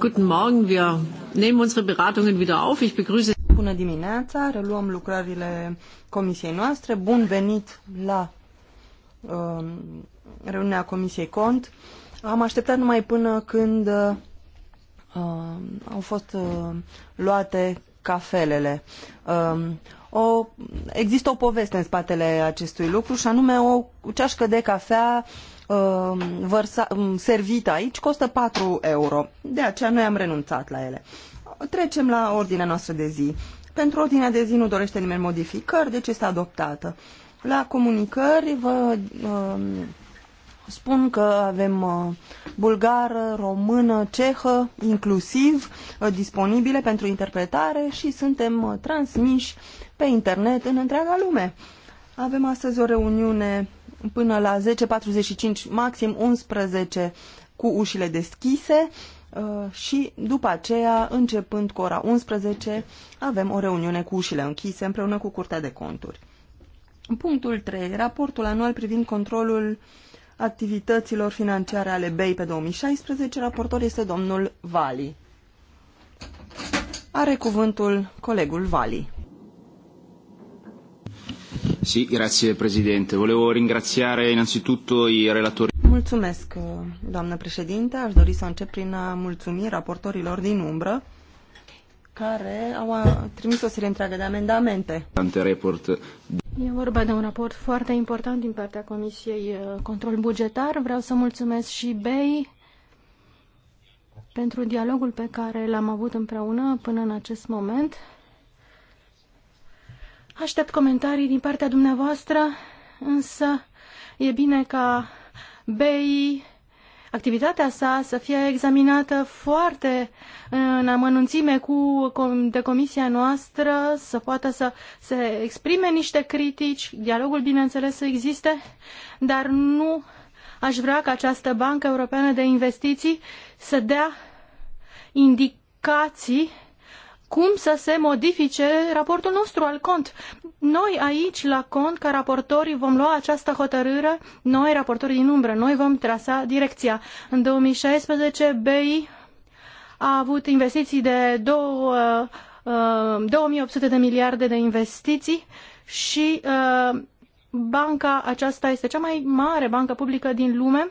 Guten Morgen, wir nehmen unsere Beratungen wieder auf. Ich begrüße Bună dimineața, reluăm lucrările comisiei noastre. Bun venit la uh, reuniunea comisiei cont. Am așteptat numai până când uh, au fost uh, luate cafelele. Uh, o, există o poveste în spatele acestui lucru și anume o ceașcă de cafea uh, Um, vărsa, um, aici costă 4 euro. De aceea noi am renunțat la ele. Trecem la ordinea noastră de zi. Pentru ordinea de zi nu dorește nimeni modificări, deci este adoptată. La comunicări vă uh, spun că avem uh, bulgară, română, cehă, inclusiv, uh, disponibile pentru interpretare și suntem uh, transmiși pe internet în întreaga lume. Avem astăzi o reuniune până la 10.45, maxim 11 cu ușile deschise uh, și după aceea, începând cu ora 11, avem o reuniune cu ușile închise împreună cu Curtea de Conturi. Punctul 3. Raportul anual privind controlul activităților financiare ale BEI pe 2016. Raportor este domnul Vali. Are cuvântul colegul Vali. Sì, grazie Presidente. Volevo ringraziare innanzitutto i relatori. Mulțumesc, uh, doamnă președinte. Aș dori să încep prin a mulțumi raportorilor din umbră care au trimis o serie întreagă de amendamente. Report. E vorba de un raport foarte important din partea Comisiei uh, Control Bugetar. Vreau să mulțumesc și BEI pentru dialogul pe care l-am avut împreună până în acest moment Aștept comentarii din partea dumneavoastră, însă e bine ca BEI, activitatea sa, să fie examinată foarte în amănunțime cu, de comisia noastră, să poată să se exprime niște critici, dialogul bineînțeles să existe, dar nu aș vrea ca această Bancă Europeană de Investiții să dea indicații cum să se modifice raportul nostru al cont. Noi aici, la cont, ca raportori, vom lua această hotărâre, noi, raportorii din umbră, noi vom trasa direcția. În 2016, BI a avut investiții de 2, uh, 2800 de miliarde de investiții și uh, banca aceasta este cea mai mare bancă publică din lume.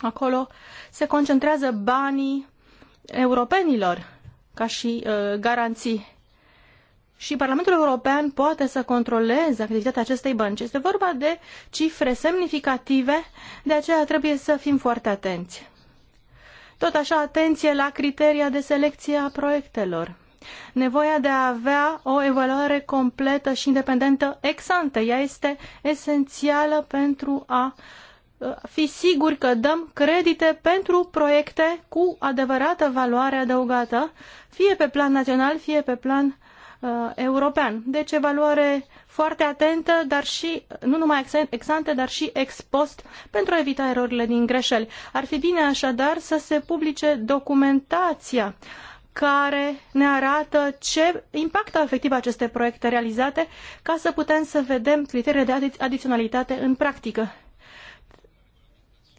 Acolo se concentrează banii europenilor ca și uh, garanții. Și Parlamentul European poate să controleze activitatea acestei bănci. Este vorba de cifre semnificative, de aceea trebuie să fim foarte atenți. Tot așa, atenție la criteria de selecție a proiectelor. Nevoia de a avea o evaluare completă și independentă ex ante, ea este esențială pentru a uh, fi siguri că dăm credite pentru proiecte cu adevărată valoare adăugată, fie pe plan național, fie pe plan uh, european. Deci evaluare foarte atentă, dar și, nu numai ex-ante, dar și ex-post, pentru a evita erorile din greșeli. Ar fi bine așadar să se publice documentația care ne arată ce impact au efectiv aceste proiecte realizate ca să putem să vedem criteriile de adi adiționalitate în practică.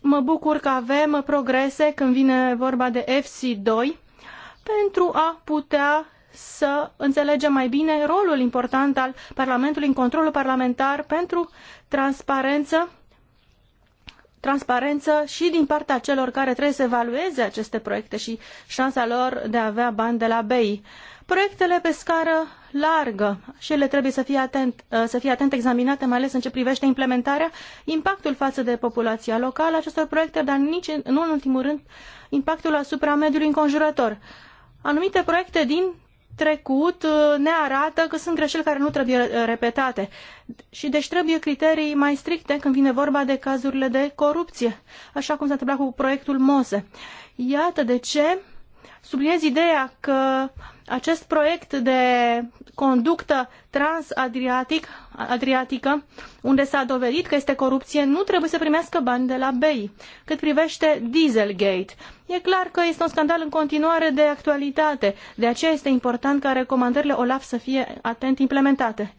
Mă bucur că avem progrese când vine vorba de FC2 pentru a putea să înțelegem mai bine rolul important al Parlamentului în controlul parlamentar pentru transparență, transparență și din partea celor care trebuie să evalueze aceste proiecte și șansa lor de a avea bani de la BEI. Uh, Proiectele pe scară largă și ele trebuie să fie atent, uh, să fie atent examinate, mai ales în ce privește implementarea, impactul față de populația locală acestor proiecte, dar nici, nu în ultimul rând, impactul asupra mediului înconjurător. Anumite proiecte din trecut uh, ne arată că sunt greșeli care nu trebuie uh, repetate și deci trebuie criterii mai stricte când vine vorba de cazurile de corupție, așa cum s-a întâmplat cu proiectul MOSE. Iată de ce subliniez ideea că acest proiect de conductă trans adriatică, unde s-a dovedit că este corupție, nu trebuie să primească bani de la BEI. Cât privește Dieselgate, e clar că este un scandal în continuare de actualitate. De aceea este important ca recomandările OLAF să fie atent implementate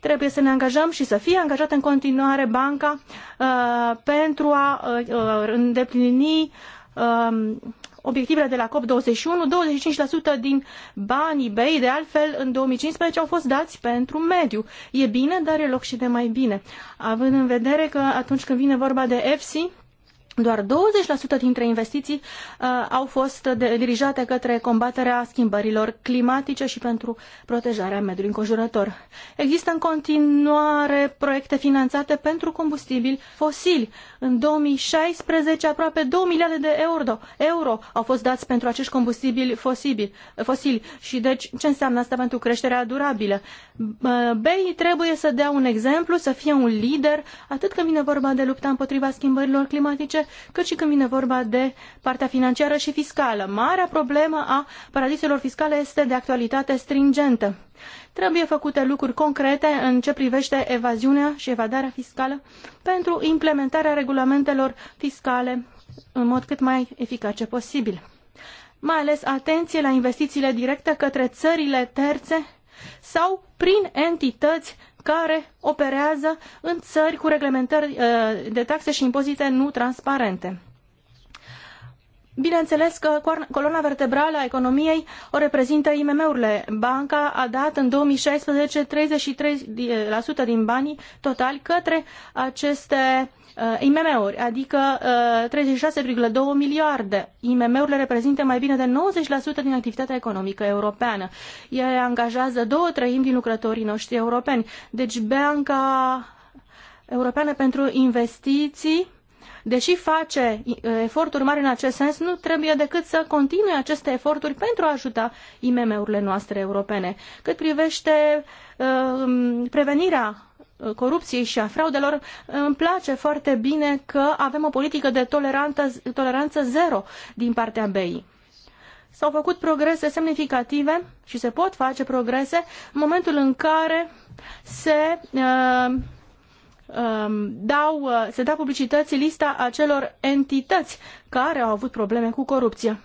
trebuie să ne angajăm și să fie angajată în continuare banca uh, pentru a uh, uh îndeplini Um, obiectivele de la COP21, 25% din banii BEI, de altfel, în 2015 au fost dați pentru mediu. E bine, dar e loc și de mai bine. Având în vedere că atunci când vine vorba de EFSI, doar 20% dintre investiții uh, au fost de, dirijate către combaterea schimbărilor climatice și pentru protejarea mediului înconjurător. Există în continuare proiecte finanțate pentru combustibili fosili. În 2016, aproape 2 miliarde de euro, euro au fost dați pentru acești combustibili fosibili, fosili. Și deci, ce înseamnă asta pentru creșterea durabilă? Uh, BEI trebuie să dea un exemplu, să fie un lider, atât când vine vorba de lupta împotriva schimbărilor climatice, economice, cât și când vine vorba de partea financiară și fiscală. Marea problemă a paradiselor fiscale este de actualitate stringentă. Trebuie făcute lucruri concrete în ce privește evaziunea și evadarea fiscală pentru implementarea regulamentelor fiscale în mod cât mai eficace posibil. Mai ales atenție la investițiile directe către țările terțe sau prin entități care operează în țări cu reglementări uh, de taxe și impozite nu transparente. Bineînțeles că coloana vertebrală a economiei o reprezintă IMM-urile. Banca a dat în 2016 33% din banii totali către aceste Uh, IMM-uri, adică 36,2 uh, miliarde. IMM-urile reprezintă mai bine de 90% din activitatea economică europeană. Ele angajează două treimi din lucrătorii noștri europeni. Deci Banca Europeană pentru Investiții deși face uh, eforturi mari în acest sens, nu trebuie decât să continue aceste eforturi pentru a ajuta IMM-urile noastre europene. Cât privește uh, prevenirea Uh, corupției și a fraudelor, îmi place foarte bine că avem o politică de toleranță, zero din partea BEI. S-au făcut progrese semnificative și se pot face progrese în momentul în care se uh, um, dau, uh, se dă publicității lista acelor entități care au avut probleme cu corupția.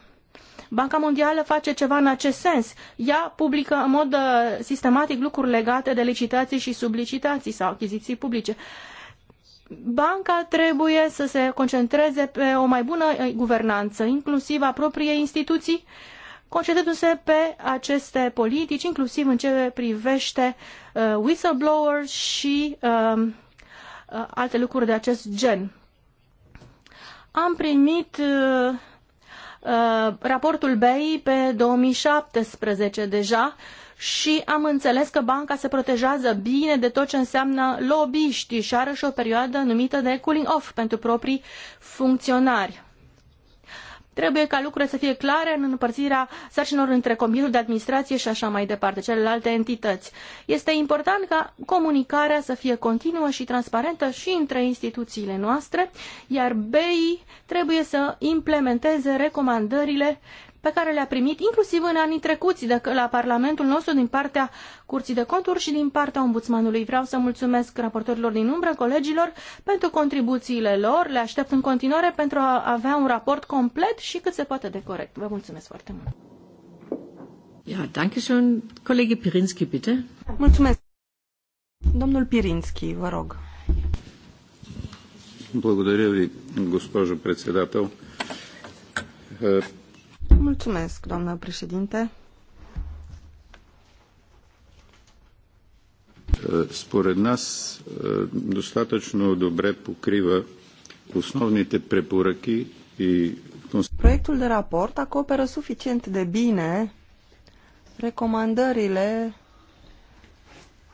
Banca Mondială face ceva în acest sens. Ea publică în mod uh, sistematic lucruri legate de licitații și sublicitații sau achiziții publice. Banca trebuie să se concentreze pe o mai bună uh, guvernanță, inclusiv a propriei instituții, concentrându-se pe aceste politici, inclusiv în ce privește uh, whistleblowers și um, uh, alte lucruri de acest gen. Am primit uh, Uh, raportul BEI pe 2017 deja și am înțeles că banca se protejează bine de tot ce înseamnă lobbyști și are și o perioadă numită de cooling off pentru proprii funcționari. Trebuie ca lucrurile să fie clare în împărțirea sarcinilor între Comitetul de Administrație și așa mai departe, celelalte entități. Este important ca comunicarea să fie continuă și transparentă și între instituțiile noastre, iar BEI trebuie să implementeze recomandările pe care le-a primit inclusiv în anii trecuți de la Parlamentul nostru din partea Curții de Conturi și din partea Ombudsmanului. Vreau să mulțumesc raportorilor din umbră, colegilor, pentru contribuțiile lor. Le aștept în continuare pentru a avea un raport complet și cât se poate de corect. Vă mulțumesc foarte mult! Ja, danke schön. Kollege Pirinski, bitte. Mulțumesc. Domnul Pirinski, vă rog. Благодаря ви, госпожо председател. Mulțumesc, doamnă președinte. Според нас достатъчно добре покрива основните препоръки и... Proiectul de raport acoperă suficient de bine recomandările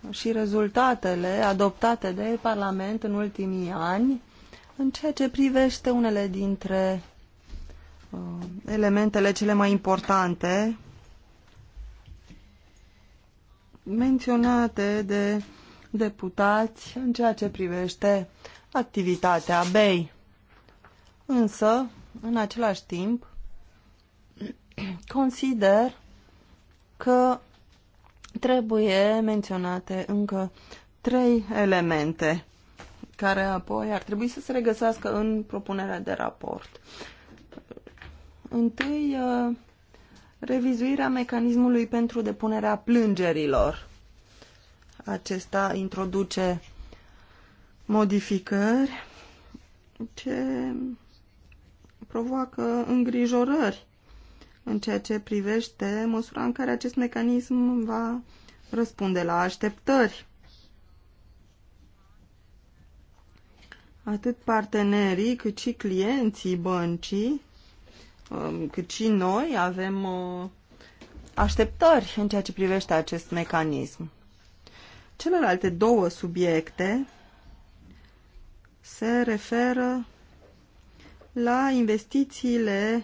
și rezultatele adoptate de Parlament în ultimii ani în ceea ce privește unele dintre Uh, elementele cele mai importante menționate de deputați în ceea ce privește activitatea BEI. Însă, în același timp, consider că trebuie menționate încă trei elemente care apoi ar trebui să se regăsească în propunerea de raport. Întâi, uh, revizuirea mecanismului pentru depunerea plângerilor. Acesta introduce modificări ce provoacă îngrijorări în ceea ce privește măsura în care acest mecanism va răspunde la așteptări. Atât partenerii cât și clienții băncii Um, cât și noi avem uh, așteptări în ceea ce privește acest mecanism. Celelalte două subiecte se referă la investițiile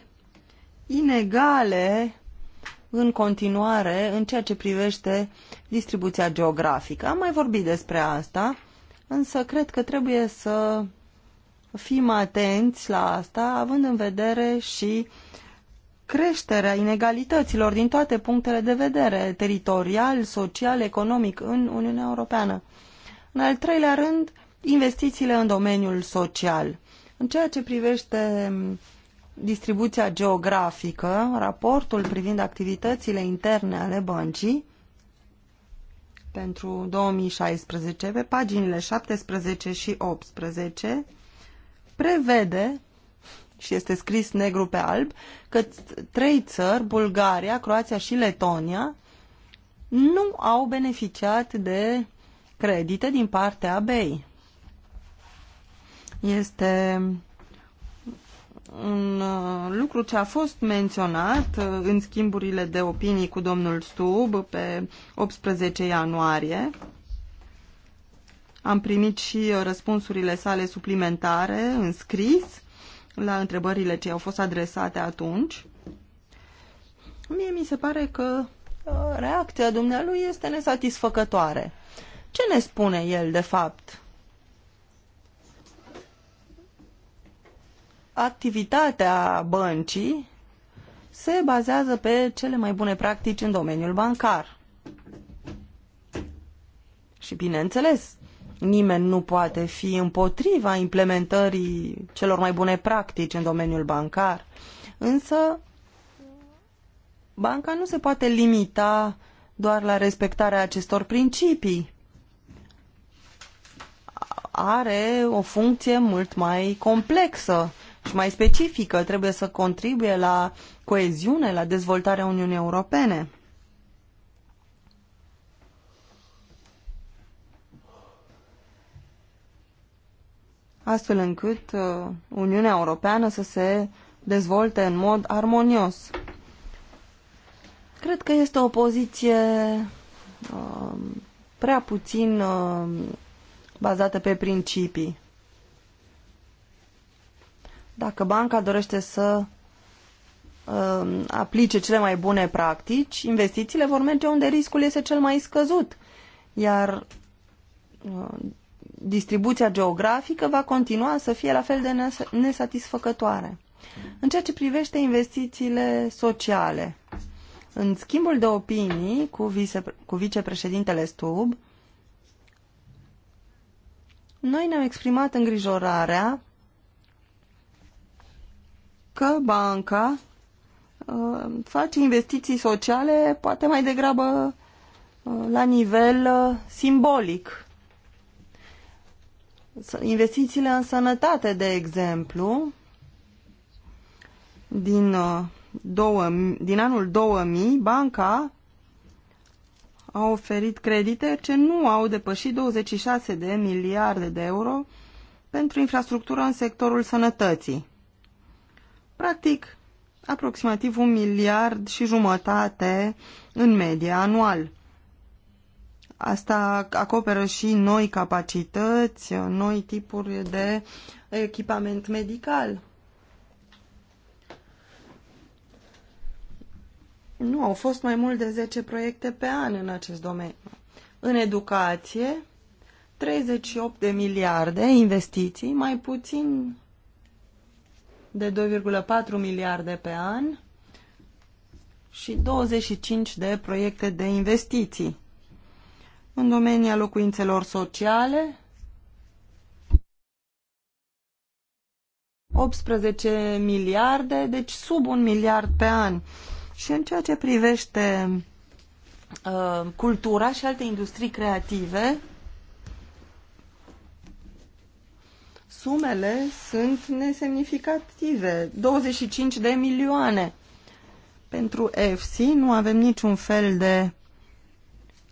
inegale în continuare în ceea ce privește distribuția geografică. Am mai vorbit despre asta, însă cred că trebuie să fim atenți la asta, având în vedere și creșterea inegalităților din toate punctele de vedere, teritorial, social, economic, în Uniunea Europeană. În al treilea rând, investițiile în domeniul social. În ceea ce privește distribuția geografică, raportul privind activitățile interne ale băncii pentru 2016, pe paginile 17 și 18, prevede și este scris negru pe alb că trei țări, Bulgaria, Croația și Letonia, nu au beneficiat de credite din partea BEI. Este un uh, lucru ce a fost menționat uh, în schimburile de opinii cu domnul Stub pe 18 ianuarie am primit și uh, răspunsurile sale suplimentare în scris la întrebările ce au fost adresate atunci. Mie mi se pare că uh, reacția dumnealui este nesatisfăcătoare. Ce ne spune el, de fapt? Activitatea băncii se bazează pe cele mai bune practici în domeniul bancar. Și bineînțeles, Nimeni nu poate fi împotriva implementării celor mai bune practici în domeniul bancar. Însă, banca nu se poate limita doar la respectarea acestor principii. Are o funcție mult mai complexă și mai specifică. Trebuie să contribuie la coeziune, la dezvoltarea Uniunii Europene. astfel încât uh, Uniunea Europeană să se dezvolte în mod armonios. Cred că este o poziție uh, prea puțin uh, bazată pe principii. Dacă banca dorește să uh, aplice cele mai bune practici, investițiile vor merge unde riscul este cel mai scăzut. Iar uh, distribuția geografică va continua să fie la fel de nesatisfăcătoare. În ceea ce privește investițiile sociale, în schimbul de opinii cu, vice, cu vicepreședintele Stub, noi ne-am exprimat îngrijorarea că banca uh, face investiții sociale poate mai degrabă uh, la nivel uh, simbolic Investițiile în sănătate, de exemplu, din, uh, două, din anul 2000, banca a oferit credite ce nu au depășit 26 de miliarde de euro pentru infrastructură în sectorul sănătății. Practic, aproximativ un miliard și jumătate în medie anual. Asta acoperă și noi capacități, noi tipuri de echipament medical. Nu, au fost mai mult de 10 proiecte pe an în acest domeniu. În educație, 38 de miliarde investiții, mai puțin de 2,4 miliarde pe an și 25 de proiecte de investiții în domenia locuințelor sociale, 18 miliarde, deci sub un miliard pe an. Și în ceea ce privește uh, cultura și alte industrii creative, sumele sunt nesemnificative, 25 de milioane. Pentru EFSI nu avem niciun fel de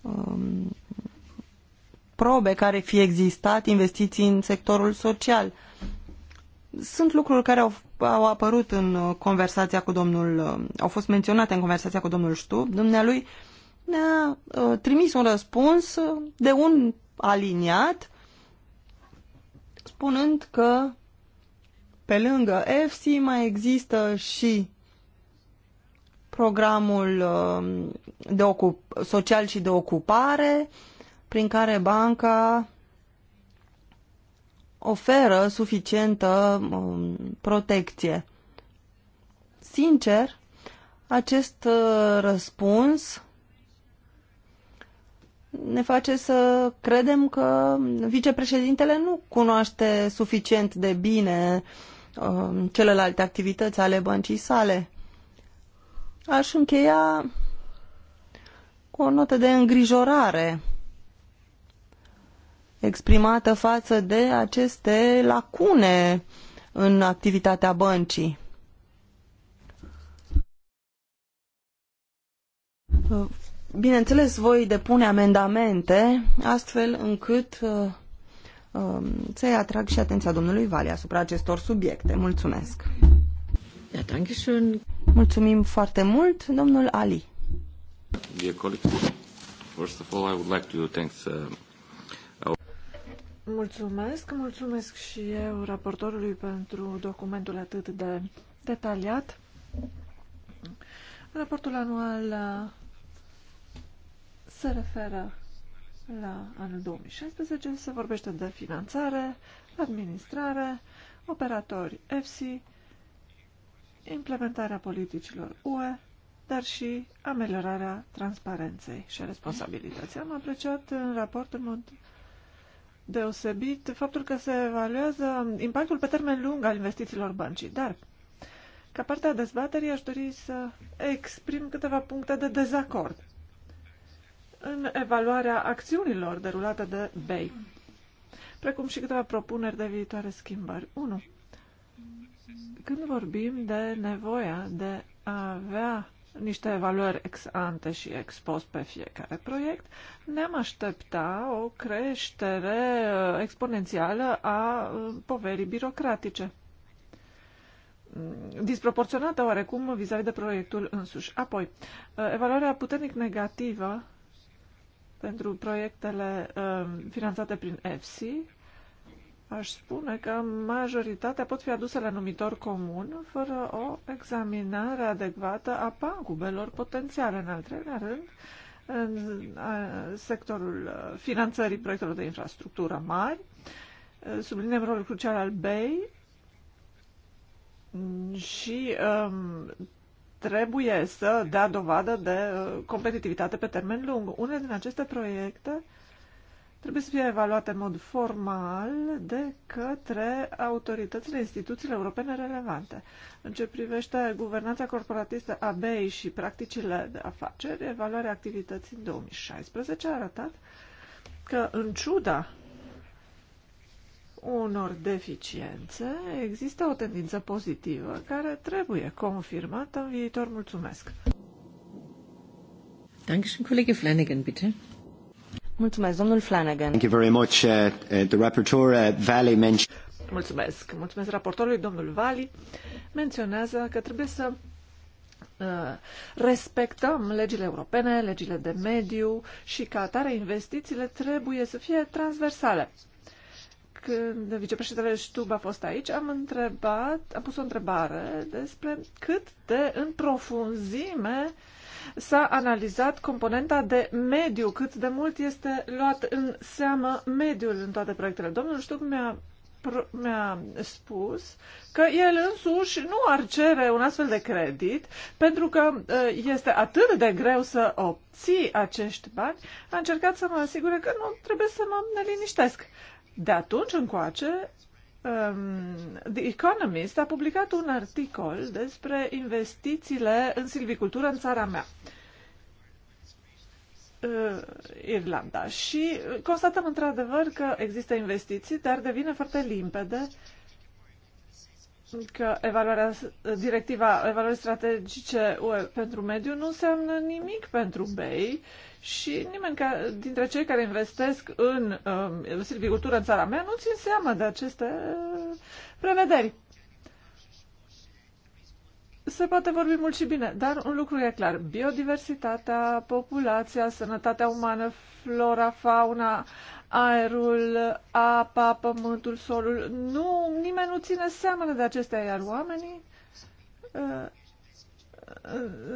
um, probe care fi existat, investiții în sectorul social. Sunt lucruri care au, au apărut în uh, conversația cu domnul, uh, au fost menționate în conversația cu domnul Ștub. Dumnealui ne-a uh, trimis un răspuns de un aliniat spunând că pe lângă FC mai există și programul de ocup- social și de ocupare prin care banca oferă suficientă um, protecție. Sincer, acest uh, răspuns ne face să credem că vicepreședintele nu cunoaște suficient de bine um, celelalte activități ale băncii sale. Aș încheia cu o notă de îngrijorare exprimată față de aceste lacune în activitatea băncii. Bineînțeles, voi depune amendamente astfel încât uh, um, să-i atrag și atenția domnului Vali asupra acestor subiecte. Mulțumesc! Mulțumim foarte mult, domnul Ali. Dear colleagues, first of all, I would like to thank uh, Mulțumesc, mulțumesc și eu raportorului pentru documentul atât de detaliat. Raportul anual uh, se referă la anul 2016, se vorbește de finanțare, administrare, operatori EFSI, implementarea politicilor UE, dar și ameliorarea transparenței și responsabilității. Am apreciat în uh, raport în mod deosebit faptul că se evaluează impactul pe termen lung al investițiilor băncii. Dar, ca parte a dezbaterii, aș dori să exprim câteva puncte de dezacord în evaluarea acțiunilor derulate de BEI, precum și câteva propuneri de viitoare schimbări. 1. Când vorbim de nevoia de a avea niște evaluări ex ante și ex post pe fiecare proiect, ne-am aștepta o creștere uh, exponențială a uh, poverii birocratice mm, disproporționată oarecum vis-a-vis -vis de proiectul însuși. Apoi, uh, evaluarea puternic negativă pentru proiectele finanțate prin EFSI aș spune că majoritatea pot fi aduse la numitor comun fără o examinare adecvată a pagubelor potențiale. În al treilea rând, în sectorul uh, finanțării proiectelor de infrastructură mari, uh, subliniem rolul crucial al BEI și um, trebuie să dea dovadă de uh, competitivitate pe termen lung. Unele din aceste proiecte uh, trebuie să fie evaluate în mod formal de către autoritățile, instituțiile europene relevante. În ce privește guvernanța corporatistă a BEI și practicile de afaceri, evaluarea activității în 2016 a arătat că, în ciuda unor deficiențe, există o tendință pozitivă care trebuie confirmată în viitor. Mulțumesc! Dankeschön, Kollege Flanagan, bitte. Mulțumesc, domnul Flanagan. Thank you very much. Uh, uh the rapporteur uh, Valley mentioned... Mulțumesc. Mulțumesc raportorului, domnul Vali. Menționează că trebuie să uh, respectăm legile europene, legile de mediu și ca atare investițiile trebuie să fie transversale. Când vicepreședintele Stub a fost aici, am întrebat, am pus o întrebare despre cât de în profunzime uh, s-a analizat componenta de mediu, cât de mult este luat în seamă mediul în toate proiectele. Domnul Ștuc mi-a mi-a spus că el însuși nu ar cere un astfel de credit pentru că uh, este atât de greu să obții acești bani, a încercat să mă asigure că nu trebuie să mă neliniștesc. De atunci încoace Um, The Economist a publicat un articol despre investițiile în silvicultură în țara mea, uh, Irlanda. Și constatăm într-adevăr că există investiții, dar devine foarte limpede uh, că evaluarea, directiva evaluării strategice UE pentru mediu nu înseamnă nimic pentru BEI și nimeni ca, dintre cei care investesc în uh, silvicultură în țara mea nu țin seama de aceste uh, prevederi. Se poate vorbi mult și bine, dar un lucru e clar. Biodiversitatea, populația, sănătatea umană, flora, fauna, aerul, apa, pământul, solul. Nu, nimeni nu ține seamănă de acestea, iar oamenii uh, uh,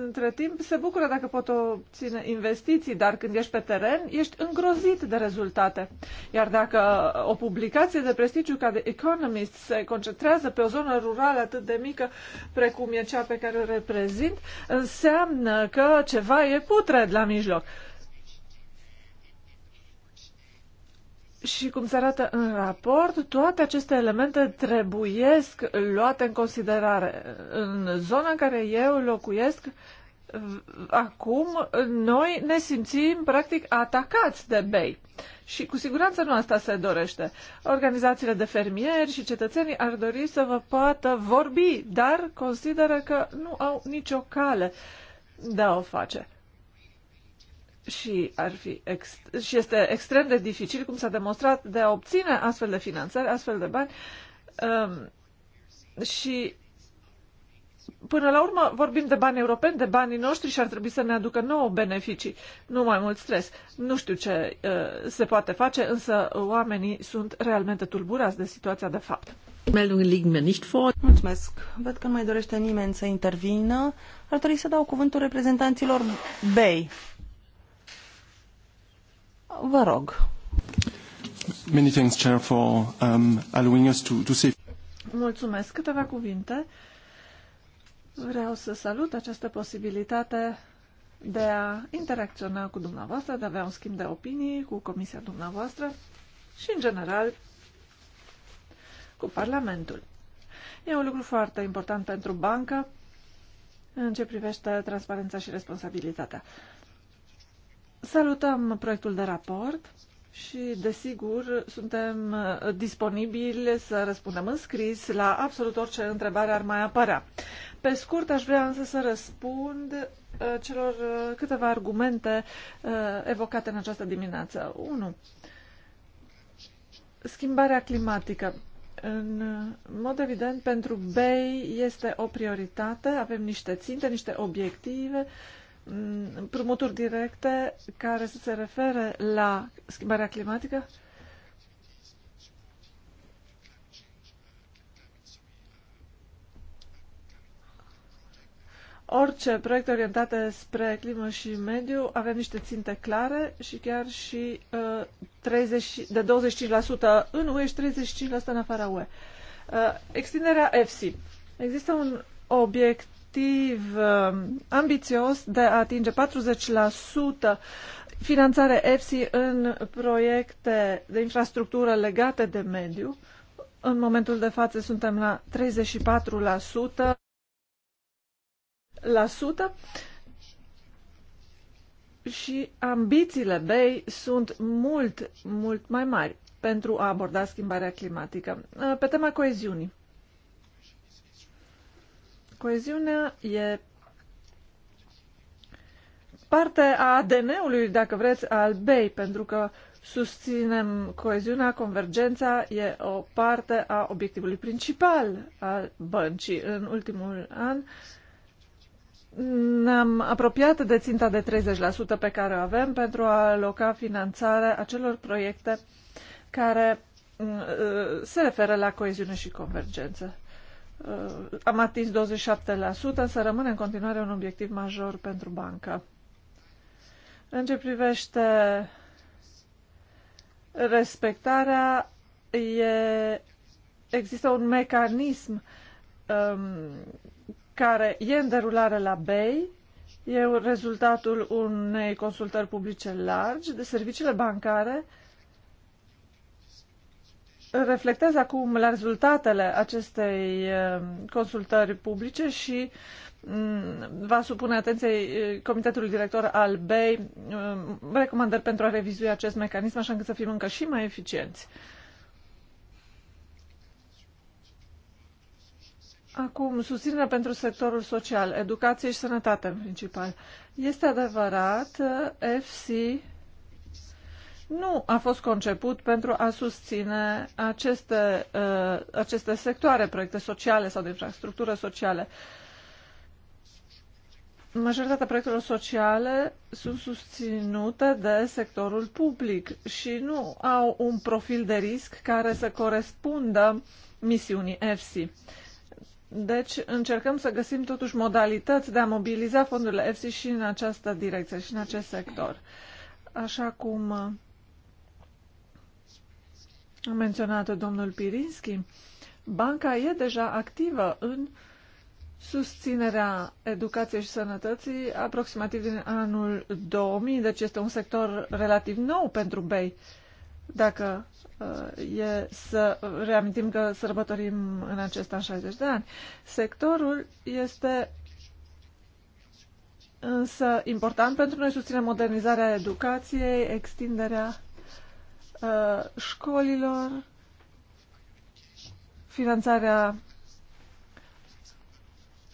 între timp se bucură dacă pot obține investiții, dar când ești pe teren, ești îngrozit de rezultate. Iar dacă o publicație de prestigiu ca The Economist se concentrează pe o zonă rurală atât de mică precum e cea pe care o reprezint, înseamnă că ceva e putred la mijloc. Și cum se arată în raport, toate aceste elemente trebuiesc luate în considerare. În zona în care eu locuiesc, acum noi ne simțim practic atacați de bei. Și cu siguranță nu asta se dorește. Organizațiile de fermieri și cetățenii ar dori să vă poată vorbi, dar consideră că nu au nicio cale de a o face și, ar fi ex- și este extrem de dificil, cum s-a demonstrat, de a obține astfel de finanțări, astfel de bani. Um, și până la urmă vorbim de bani europeni, de banii noștri și ar trebui să ne aducă nouă beneficii, nu mai mult stres. Nu știu ce uh, se poate face, însă oamenii sunt realmente tulburați de situația de fapt. Mulțumesc. Văd că nu mai dorește nimeni să intervină. Ar trebui să dau cuvântul reprezentanților BEI. Vă rog. Many thanks, Chair, for um, allowing us to, to say... Mulțumesc. Câteva cuvinte. Vreau să salut această posibilitate de a interacționa cu dumneavoastră, de a avea un schimb de opinii cu comisia dumneavoastră și, în general, cu Parlamentul. E un lucru foarte important pentru bancă în ce privește transparența și responsabilitatea. Salutăm proiectul de raport și, desigur, suntem uh, disponibili să răspundem în scris la absolut orice întrebare ar mai apărea. Pe scurt, aș vrea însă să răspund uh, celor uh, câteva argumente evocate în această dimineață. 1. Schimbarea climatică. În mod evident, pentru BEI este o prioritate, avem niște ținte, niște obiective uh, Mm, împrumuturi directe care să se refere la schimbarea climatică? Orice proiecte orientate spre climă și mediu, avem niște ținte clare și chiar și uh, 30, de 25% în UE și 35% în afara UE. Uh, extinderea EFSI. Există un obiect obiectiv um, ambițios de a atinge 40% finanțare EFSI în proiecte de infrastructură legate de mediu. În momentul de față suntem la 34%. La sută și ambițiile BEI sunt mult, mult mai mari pentru a aborda schimbarea climatică. Pe tema coeziunii. Coeziunea e parte a ADN-ului, dacă vreți, al BEI, pentru că susținem coeziunea, convergența e o parte a obiectivului principal al băncii. În ultimul an ne-am apropiat de ținta de 30% pe care o avem pentru a aloca finanțarea acelor proiecte care mm, se referă la coeziune și convergență. Uh, am atins 27%, să rămâne în continuare un obiectiv major pentru bancă. În ce privește respectarea, e, există un mecanism um, care e în derulare la BEI, e rezultatul unei consultări publice largi de serviciile bancare uh, reflectez acum la rezultatele acestei eh, consultări publice și mm, va supune atenției eh, Comitetului Director al BEI mm, recomandări pentru a revizui acest mecanism așa încât să fim încă și mai eficienți. Acum, susținerea pentru sectorul social, educație și sănătate în principal. Este adevărat, eh, FC nu a fost conceput pentru a susține aceste, uh, aceste sectoare, proiecte sociale sau de infrastructură sociale. Majoritatea proiectelor sociale sunt susținute de sectorul public și nu au un profil de risc care să corespundă misiunii EFSI. Deci încercăm să găsim totuși modalități de a mobiliza fondurile EFSI și în această direcție și în acest sector. Așa cum uh, menționat domnul Pirinski, banca e deja activă în susținerea educației și sănătății aproximativ din anul 2000, deci este un sector relativ nou pentru BEI. Dacă uh, e să reamintim că sărbătorim în acest an 60 de ani. Sectorul este însă important pentru noi susține modernizarea educației, extinderea Uh, școlilor, finanțarea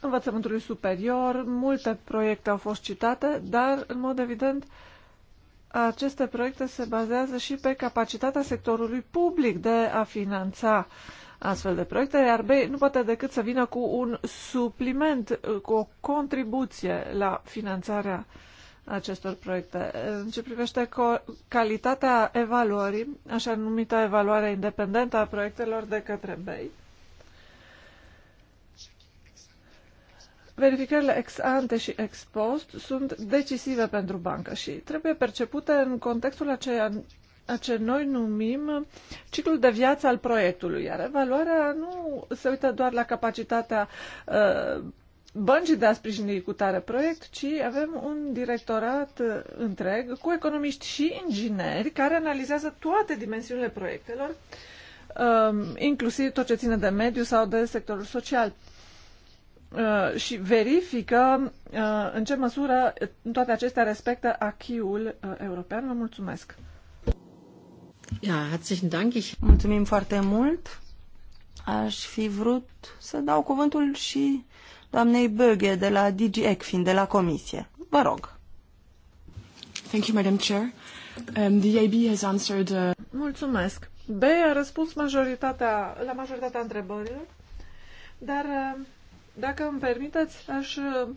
învățământului superior, multe proiecte au fost citate, dar, în mod evident, aceste proiecte se bazează și pe capacitatea sectorului public de a finanța astfel de proiecte, iar B nu poate decât să vină cu un supliment, cu o contribuție la finanțarea uh, acestor proiecte. În ce privește calitatea evaluării, așa numită evaluare independentă a proiectelor de către BEI, Verificările ex ante și ex post sunt decisive pentru bancă și trebuie percepute în contextul aceea a ce noi numim ciclul de viață al proiectului, iar evaluarea nu se uită doar la capacitatea uh, bănci de a sprijini cu tare proiect, ci avem un directorat uh, întreg cu economiști și ingineri care analizează toate dimensiunile proiectelor, um, inclusiv tot ce ține de mediu sau de sectorul social uh, și verifică uh, în ce măsură toate acestea respectă achiul european. Vă mulțumesc! Ja, herzlichen Dank. Ich... Mulțumim foarte mult. Aș fi vrut să dau cuvântul și doamnei Böge de la DG ECFIN, de la Comisie. Vă rog. Thank you, Madam Chair. Um, the AB has answered, uh... Mulțumesc. B a răspuns majoritatea, la majoritatea întrebărilor, dar uh, dacă îmi permiteți, aș uh,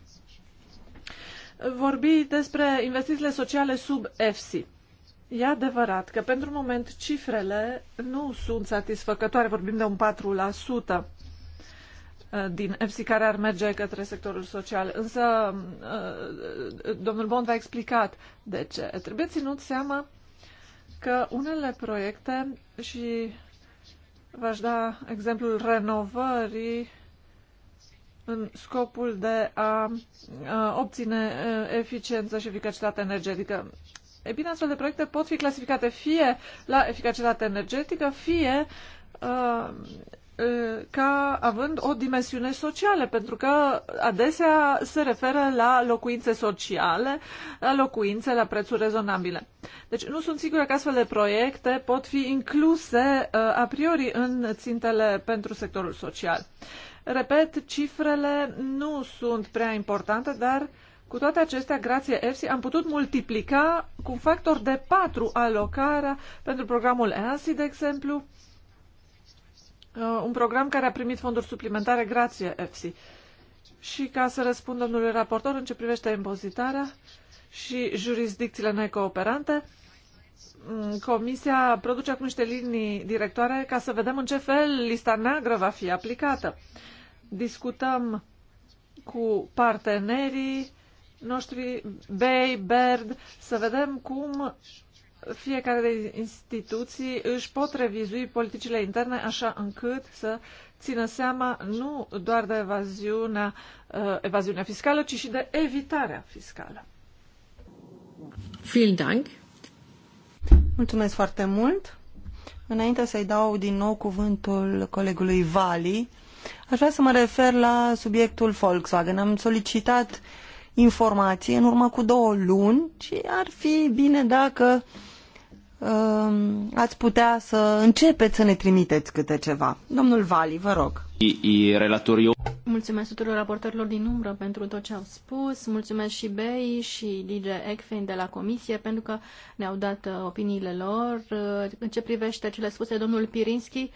vorbi despre investițiile sociale sub EFSI. E adevărat că pentru moment cifrele nu sunt satisfăcătoare, vorbim de un Uh, din EPSI care ar merge către sectorul social. Însă, uh, domnul Bond v-a explicat de ce. Trebuie ținut seama că unele proiecte și v-aș da exemplul renovării în scopul de a obține uh, eficiență și eficacitate energetică. E bine, astfel de proiecte pot fi clasificate fie la eficacitate energetică, fie uh, ca având o dimensiune socială, pentru că adesea se referă la locuințe sociale, la locuințe la prețuri rezonabile. Deci nu sunt sigură că astfel de proiecte pot fi incluse a priori în țintele pentru sectorul social. Repet, cifrele nu sunt prea importante, dar cu toate acestea, grație EFSI, am putut multiplica cu un factor de 4 alocarea pentru programul EASI, de exemplu, Uh, un program care a primit fonduri suplimentare grație EFSI. Și ca să răspund domnului raportor în ce privește impozitarea și jurisdicțiile necooperante, mm, Comisia produce acum niște linii directoare ca să vedem în ce fel lista neagră va fi aplicată. Discutăm cu partenerii noștri, Bay, Bird să vedem cum fiecare de instituții își pot revizui politicile interne așa încât să țină seama nu doar de evaziunea, uh, evaziunea fiscală, ci și de evitarea fiscală. Vielen Dank. Mulțumesc foarte mult. Înainte să-i dau din nou cuvântul colegului Vali, aș vrea să mă refer la subiectul Volkswagen. Am solicitat informații în urmă cu două luni și ar fi bine dacă uh, Ehm, ați putea să începeți să ne trimiteți câte ceva. Domnul Vali, vă rog. Mulțumesc tuturor raportorilor din umbră pentru tot ce au spus. Mulțumesc și BEI și DJ Ecfein de la Comisie pentru că ne-au dat uh, opiniile lor. Uh, în ce privește cele spuse domnul Pirinski,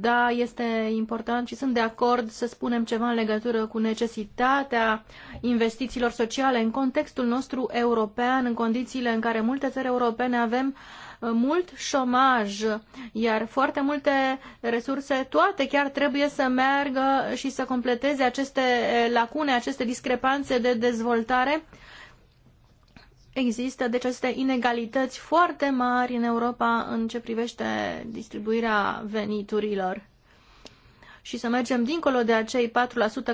da, este important și sunt de acord să spunem ceva în legătură cu necesitatea investițiilor sociale în contextul nostru european, în condițiile în care multe țări europene avem uh, mult șomaj, iar foarte multe resurse, toate chiar trebuie să meargă și să completeze aceste lacune, aceste discrepanțe de dezvoltare. Există deci aceste inegalități foarte mari în Europa în ce privește distribuirea veniturilor și să mergem dincolo de acei 4%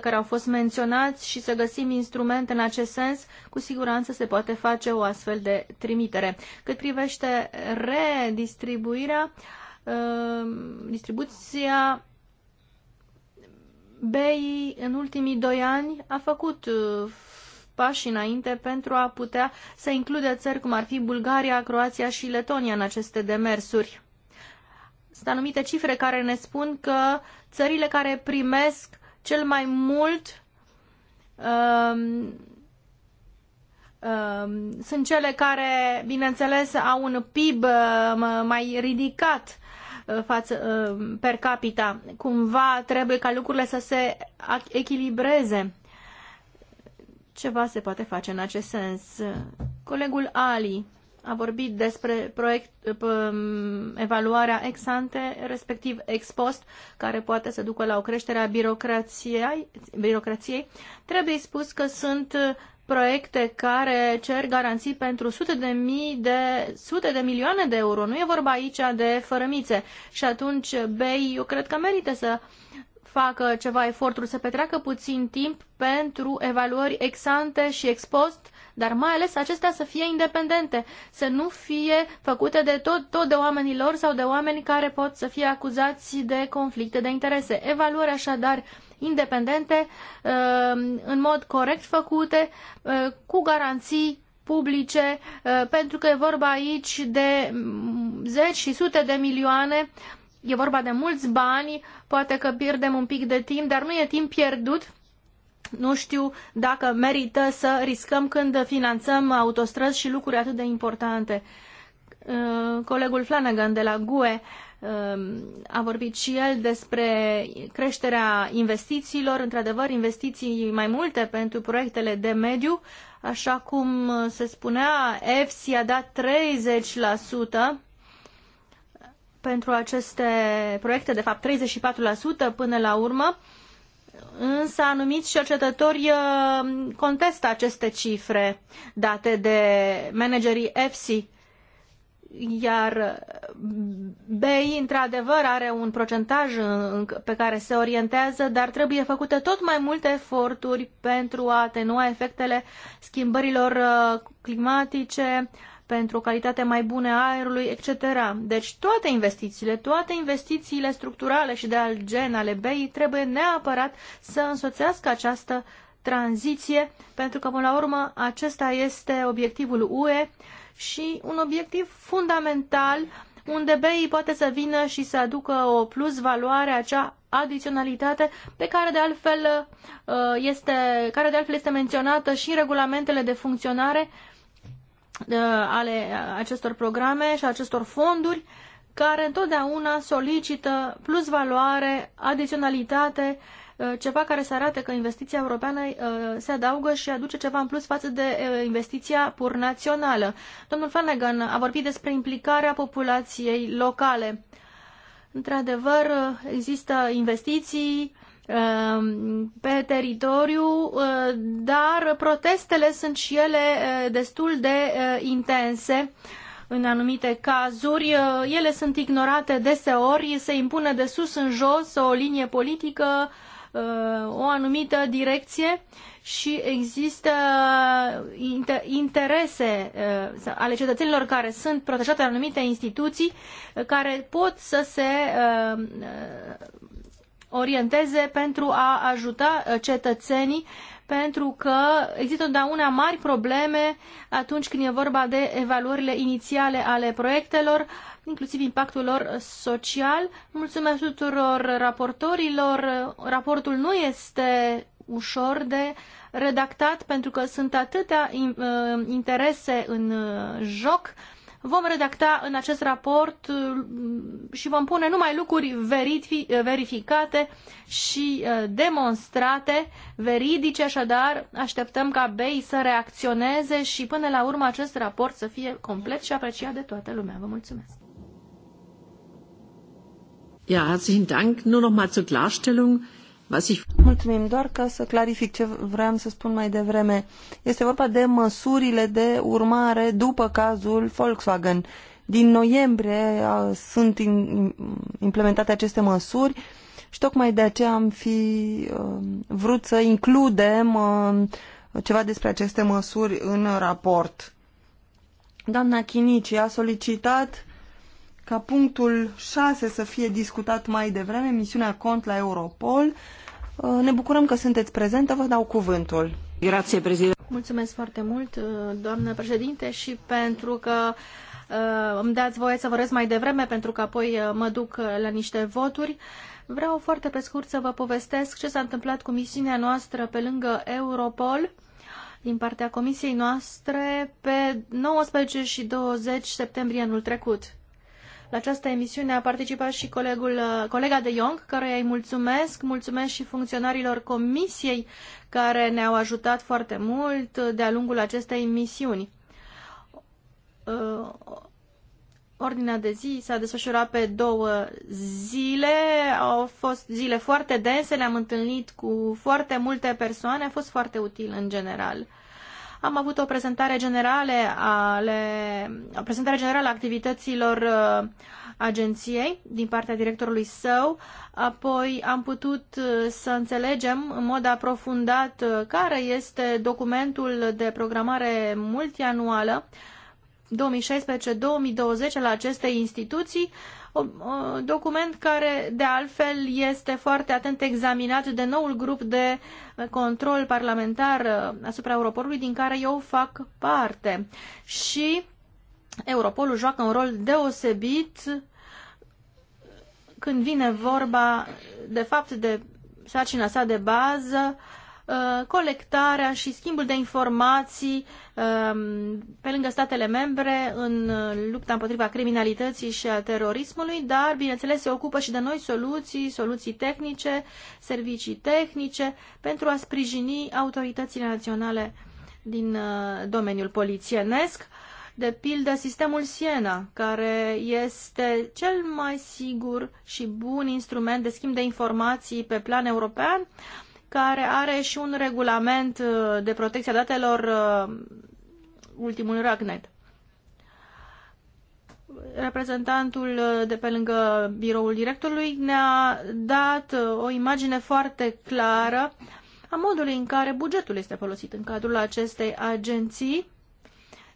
care au fost menționați și să găsim instrumente în acest sens, cu siguranță se poate face o astfel de trimitere. Cât privește redistribuirea, uh, distribuția BEI în ultimii doi ani a făcut uh, pași înainte pentru a putea să includă țări cum ar fi Bulgaria, Croația și Letonia în aceste demersuri. Sunt anumite cifre care ne spun că țările care primesc cel mai mult um, um, sunt cele care, bineînțeles, au un PIB um, mai ridicat uh, față, um, per capita. Cumva trebuie ca lucrurile să se echilibreze. Ceva se poate face în acest sens. Colegul Ali a vorbit despre proiect, evaluarea ex ante, respectiv ex post, care poate să ducă la o creștere a birocrației, Trebuie spus că sunt proiecte care cer garanții pentru sute de mii de, sute de milioane de euro. Nu e vorba aici de fărămițe. Și atunci BEI, eu cred că merită să facă ceva eforturi, să petreacă puțin timp pentru evaluări ex ante și ex post dar mai ales acestea să fie independente, să nu fie făcute de tot, tot de oamenii lor sau de oameni care pot să fie acuzați de conflicte de interese. Evaluări așadar independente, uh, în mod corect făcute, uh, cu garanții publice, uh, pentru că e vorba aici de mm, zeci și sute de milioane, e vorba de mulți bani, poate că pierdem un pic de timp, dar nu e timp pierdut nu știu dacă merită să riscăm când finanțăm autostrăzi și lucruri atât de importante. Uh, colegul Flanagan de la GUE um, a vorbit și el despre creșterea investițiilor, într-adevăr investiții mai multe pentru proiectele de mediu, așa cum se spunea, EFSI a dat 30% pentru aceste proiecte, de fapt 34% până la urmă, însă anumiți cercetători uh, contestă aceste cifre date de managerii EFSI, iar BI într-adevăr are un procentaj pe care se orientează, dar trebuie făcute tot mai multe eforturi pentru a atenua efectele schimbărilor uh, climatice, pentru o calitate mai bună a aerului, etc. Deci toate investițiile, toate investițiile structurale și de al gen ale BEI trebuie neapărat să însoțească această tranziție, pentru că, până la urmă, acesta este obiectivul UE și un obiectiv fundamental unde BEI poate să vină și să aducă o plus valoare, acea adiționalitate pe care de altfel uh, este, care de altfel este menționată și în regulamentele de funcționare uh, ale acestor programe și acestor fonduri care întotdeauna solicită plus valoare, adiționalitate, uh, ceva care să arate că investiția europeană uh, se adaugă și aduce ceva în plus față de uh, investiția pur națională. Domnul Flanagan a vorbit despre implicarea populației locale. Într-adevăr, există investiții Ehm, pe teritoriu, eh, dar protestele sunt și ele eh, destul de eh, intense în anumite cazuri. Ele sunt ignorate deseori, se impune de sus în jos o linie politică, o anumită direcție și există interese ale cetățenilor care sunt protejate de anumite instituții care pot să se orienteze pentru a ajuta uh, cetățenii, pentru că există întotdeauna mari probleme atunci când e vorba de evaluările inițiale ale proiectelor, inclusiv impactul lor social. Mulțumesc tuturor raportorilor. Raportul nu este ușor de redactat pentru că sunt atâtea uh, interese în uh, joc Vom redacta în acest raport mm, și vom pune numai lucruri verificate și demonstrate, veridice, așadar așteptăm ca BEI să reacționeze și până la urmă acest raport să fie complet și apreciat de toată lumea. Vă mulțumesc! Ja, herzlichen Dank. Nur noch mal zur Klarstellung. Mulțumim, doar ca să clarific ce vreau să spun mai devreme. Este vorba de măsurile de urmare după cazul Volkswagen. Din noiembrie sunt implementate aceste măsuri și tocmai de aceea am fi vrut să includem ceva despre aceste măsuri în raport. Doamna Chinici a solicitat ca punctul 6 să fie discutat mai devreme, misiunea cont la Europol. Uh, ne bucurăm că sunteți prezentă, vă dau cuvântul. Grație, președinte. Mulțumesc foarte mult, uh, doamnă președinte, și pentru că uh, îmi dați voie să vă răz mai devreme, pentru că apoi mă duc la niște voturi. Vreau foarte pe scurt să vă povestesc ce s-a întâmplat cu misiunea noastră pe lângă Europol din partea comisiei noastre pe 19 și 20 septembrie anul trecut. La această emisiune a participat și colegul, uh, colega de Young, care îi mulțumesc, mulțumesc și funcționarilor comisiei care ne-au ajutat foarte mult de-a lungul acestei misiuni. Uh, ordinea de zi s-a desfășurat pe două zile, au fost zile foarte dense, ne-am întâlnit cu foarte multe persoane, a fost foarte util în general. Am avut o prezentare, generală ale, o prezentare generală a activităților uh, agenției din partea directorului său, apoi am putut uh, să înțelegem în mod aprofundat uh, care este documentul de programare multianuală uh, 2016-2020 la aceste instituții, document care de altfel este foarte atent examinat de noul grup de control parlamentar uh, asupra Europolului din care eu fac parte. Și Europolul joacă un rol deosebit când vine vorba de fapt de sarcina sa de bază Uh, colectarea și schimbul de informații um, pe lângă statele membre în uh, lupta împotriva criminalității și a terorismului, dar, bineînțeles, se ocupă și de noi soluții, soluții tehnice, servicii tehnice, pentru a sprijini autoritățile naționale din uh, domeniul polițienesc. De pildă, sistemul Siena, care este cel mai sigur și bun instrument de schimb de informații pe plan european, care are și un regulament uh, de protecție a datelor, uh, ultimul RACNET. Reprezentantul uh, de pe lângă biroul directorului ne-a dat o imagine foarte clară a modului în care bugetul este folosit în cadrul acestei agenții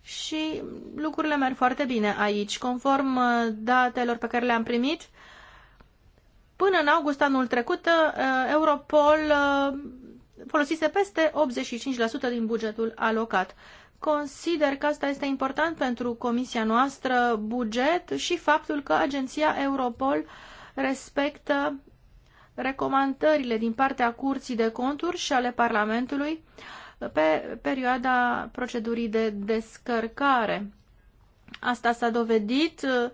și lucrurile merg foarte bine aici. Conform datelor pe care le-am primit, Până în august anul trecut, uh, Europol uh, folosise peste 85% din bugetul alocat. Consider că asta este important pentru comisia noastră buget și faptul că agenția Europol respectă recomandările din partea Curții de Conturi și ale Parlamentului pe perioada procedurii de descărcare. Asta s-a dovedit uh,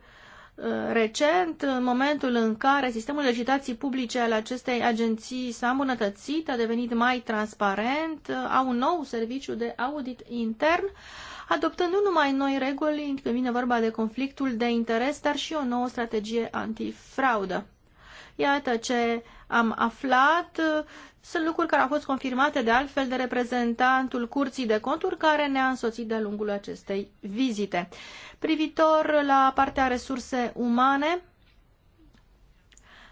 Uh, recent, în momentul în care sistemul de licitații publice al acestei agenții s-a îmbunătățit, a devenit mai transparent, uh, au un nou serviciu de audit intern, adoptând nu numai noi reguli când vine vorba de conflictul de interes, dar și o nouă strategie antifraudă. Iată ce uh, am aflat uh, sunt lucruri care au fost confirmate de altfel de reprezentantul Curții de Conturi care ne-a însoțit de-a lungul acestei vizite. Privitor la partea resurse umane,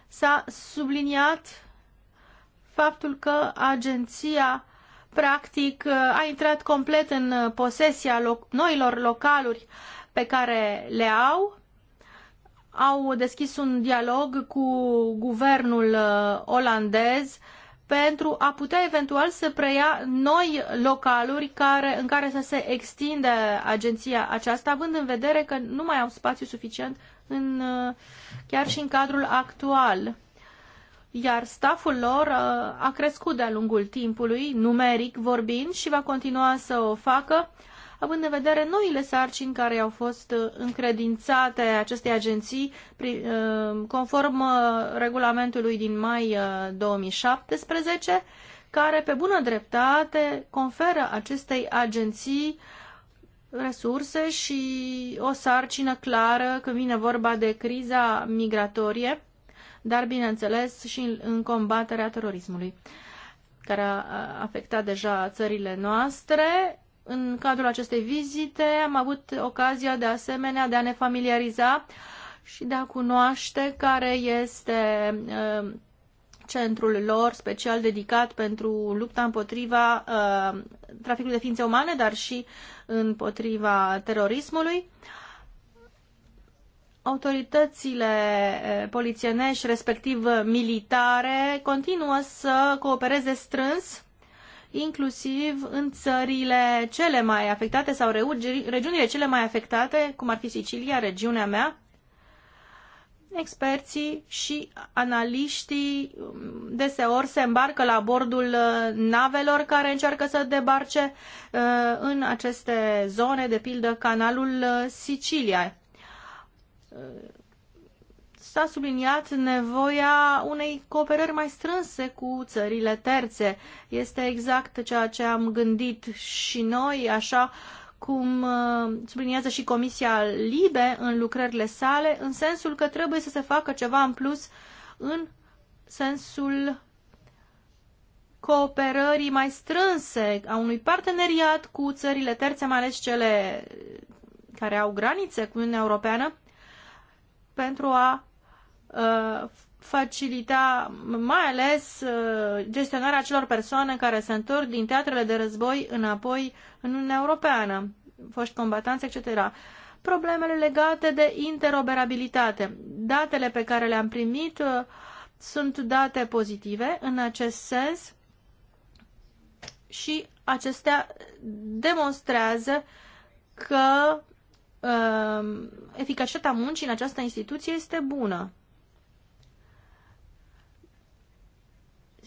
s-a subliniat faptul că agenția practic a intrat complet în posesia loc- noilor localuri pe care le au au deschis un dialog cu guvernul uh, olandez pentru a putea eventual să preia noi localuri care, în care să se extinde agenția aceasta, având în vedere că nu mai au spațiu suficient în, uh, chiar și în cadrul actual. Iar staful lor uh, a crescut de-a lungul timpului, numeric vorbind, și va continua să o facă având în vedere noile sarcini care au fost uh, încredințate acestei agenții uh, conform uh, regulamentului din mai 2017, care pe bună dreptate conferă acestei agenții resurse și o sarcină clară când vine vorba de criza migratorie, dar bineînțeles și în combaterea terorismului care a afectat deja țările noastre. În cadrul acestei vizite am avut ocazia de asemenea de a ne familiariza și de a cunoaște care este uh, centrul lor special dedicat pentru lupta împotriva uh, traficului de ființe umane, dar și împotriva terorismului. Autoritățile uh, polițienești, respectiv militare, continuă să coopereze strâns inclusiv în țările cele mai afectate sau regiunile cele mai afectate, cum ar fi Sicilia, regiunea mea, experții și analiștii um, deseori se îmbarcă la bordul uh, navelor care încearcă să debarce uh, în aceste zone, de pildă canalul uh, Sicilia s-a subliniat nevoia unei cooperări mai strânse cu țările terțe. Este exact ceea ce am gândit și noi, așa cum uh, subliniază și Comisia Libe în lucrările sale, în sensul că trebuie să se facă ceva în plus în sensul cooperării mai strânse a unui parteneriat cu țările terțe, mai ales cele care au granițe cu Uniunea Europeană, pentru a Uh, facilita mai ales uh, gestionarea celor persoane care se întorc din teatrele de război înapoi în Uniunea Europeană, foști combatanți, etc. Problemele legate de interoperabilitate. Datele pe care le-am primit uh, sunt date pozitive în acest sens și acestea demonstrează că uh, eficacitatea muncii în această instituție este bună.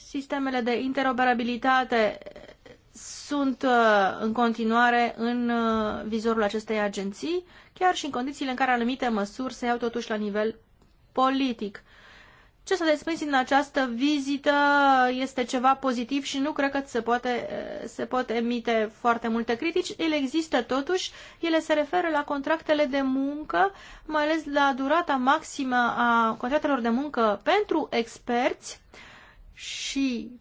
Sistemele de interoperabilitate sunt uh, în continuare în uh, vizorul acestei agenții, chiar și în condițiile în care anumite măsuri se iau totuși la nivel politic. Ce s-a desprins în această vizită este ceva pozitiv și nu cred că se, poate, uh, se pot emite foarte multe critici. Ele există totuși, ele se referă la contractele de muncă, mai ales la durata maximă a contractelor de muncă pentru experți, uh, și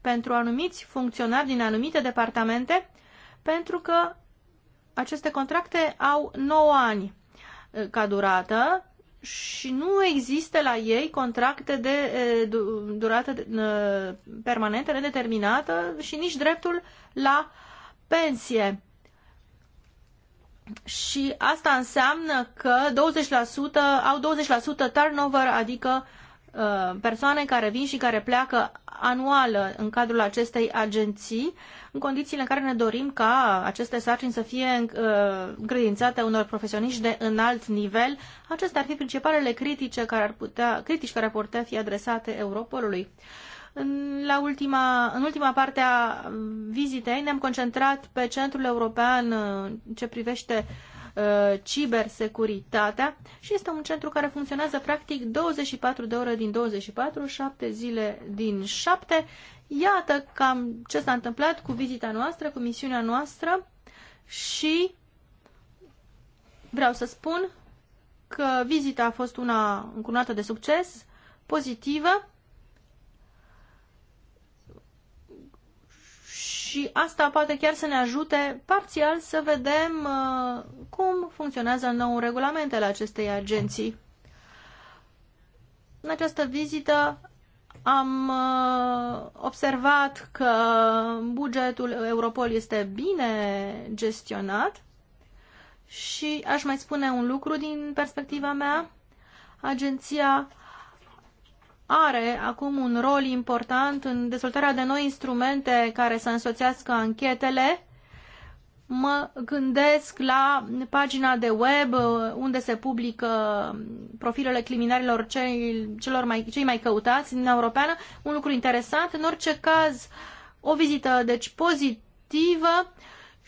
pentru anumiți funcționari din anumite departamente, pentru că aceste contracte au 9 ani uh, ca durată și nu există la ei contracte de uh, durată uh, permanentă, nedeterminată și nici dreptul la pensie. Și asta înseamnă că 20% au 20% turnover, adică uh, Uh, persoane care vin și care pleacă anual în cadrul acestei agenții, în condițiile în care ne dorim ca aceste sarcini să fie uh, încredințate unor profesioniști de înalt nivel. Acestea ar fi principalele critice care ar putea, critici care ar putea fi adresate Europolului. În, la ultima, în ultima parte a vizitei ne-am concentrat pe Centrul European uh, ce privește uh, Uh, cibersecuritatea și este un centru care funcționează practic 24 de ore din 24, 7 zile din 7. Iată cam ce s-a întâmplat cu vizita noastră, cu misiunea noastră și vreau să spun că vizita a fost una încunată de succes, pozitivă și asta poate chiar să ne ajute parțial să vedem uh, cum funcționează nou regulamentele acestei agenții. În această vizită am uh, observat că bugetul Europol este bine gestionat și aș mai spune un lucru din perspectiva mea. Agenția are acum un rol important în dezvoltarea de noi instrumente care să însoțească anchetele. Mă gândesc la pagina de web uh, unde se publică um, profilele criminalilor cei, celor mai, cei mai căutați din Europeană. Un lucru interesant, în orice caz, o vizită deci pozitivă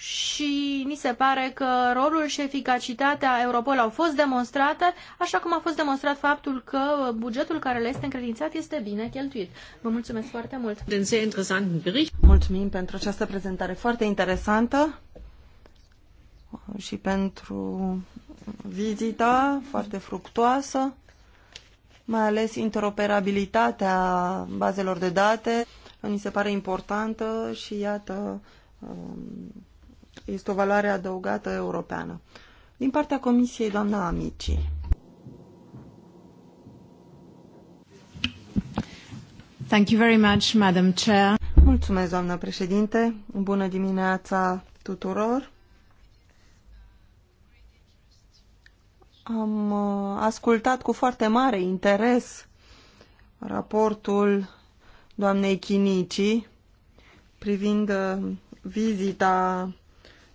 și ni se pare că rolul și eficacitatea Europol au fost demonstrate, așa cum a fost demonstrat faptul că bugetul care le este încredințat este bine cheltuit. Vă mulțumesc foarte mult! Mulțumim pentru această prezentare foarte interesantă și pentru vizita foarte fructoasă, mai ales interoperabilitatea bazelor de date, mi se pare importantă și iată um, este o valoare adăugată europeană. Din partea Comisiei, doamna Amici. Thank you very much, Madam Chair. Mulțumesc, doamnă președinte. Bună dimineața tuturor. Am uh, ascultat cu foarte mare interes raportul doamnei Chinici privind uh, vizita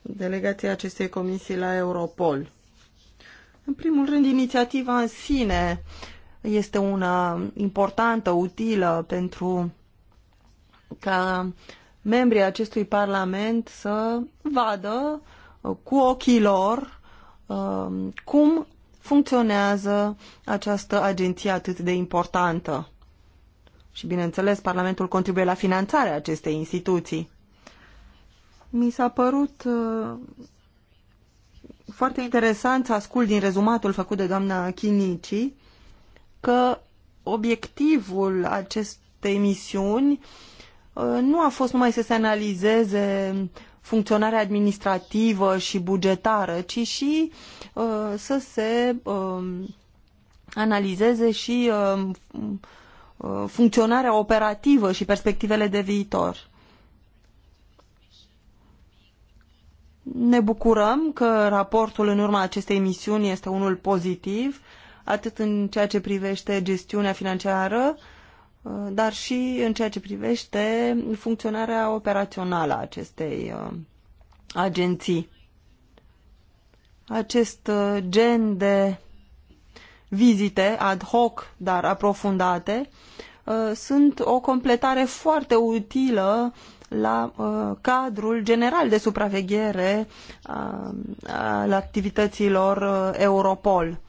delegația acestei comisii la Europol. În primul rând, inițiativa în sine este una importantă, utilă pentru ca membrii acestui Parlament să vadă cu ochii lor uh, cum funcționează această agenție atât de importantă. Și, bineînțeles, Parlamentul contribuie la finanțarea acestei instituții. Mi s-a părut uh, foarte interesant să ascult din rezumatul făcut de doamna Chinici că obiectivul acestei misiuni uh, nu a fost numai să se analizeze funcționarea administrativă și bugetară, ci și uh, să se uh, analizeze și um, uh, funcționarea operativă și perspectivele de viitor. Ne bucurăm că raportul în urma acestei misiuni este unul pozitiv, atât în ceea ce privește gestiunea financiară, dar și în ceea ce privește funcționarea operațională a acestei uh, agenții. Acest uh, gen de vizite ad hoc, dar aprofundate, uh, sunt o completare foarte utilă la uh, cadrul general de supraveghere uh, al activităților uh, Europol,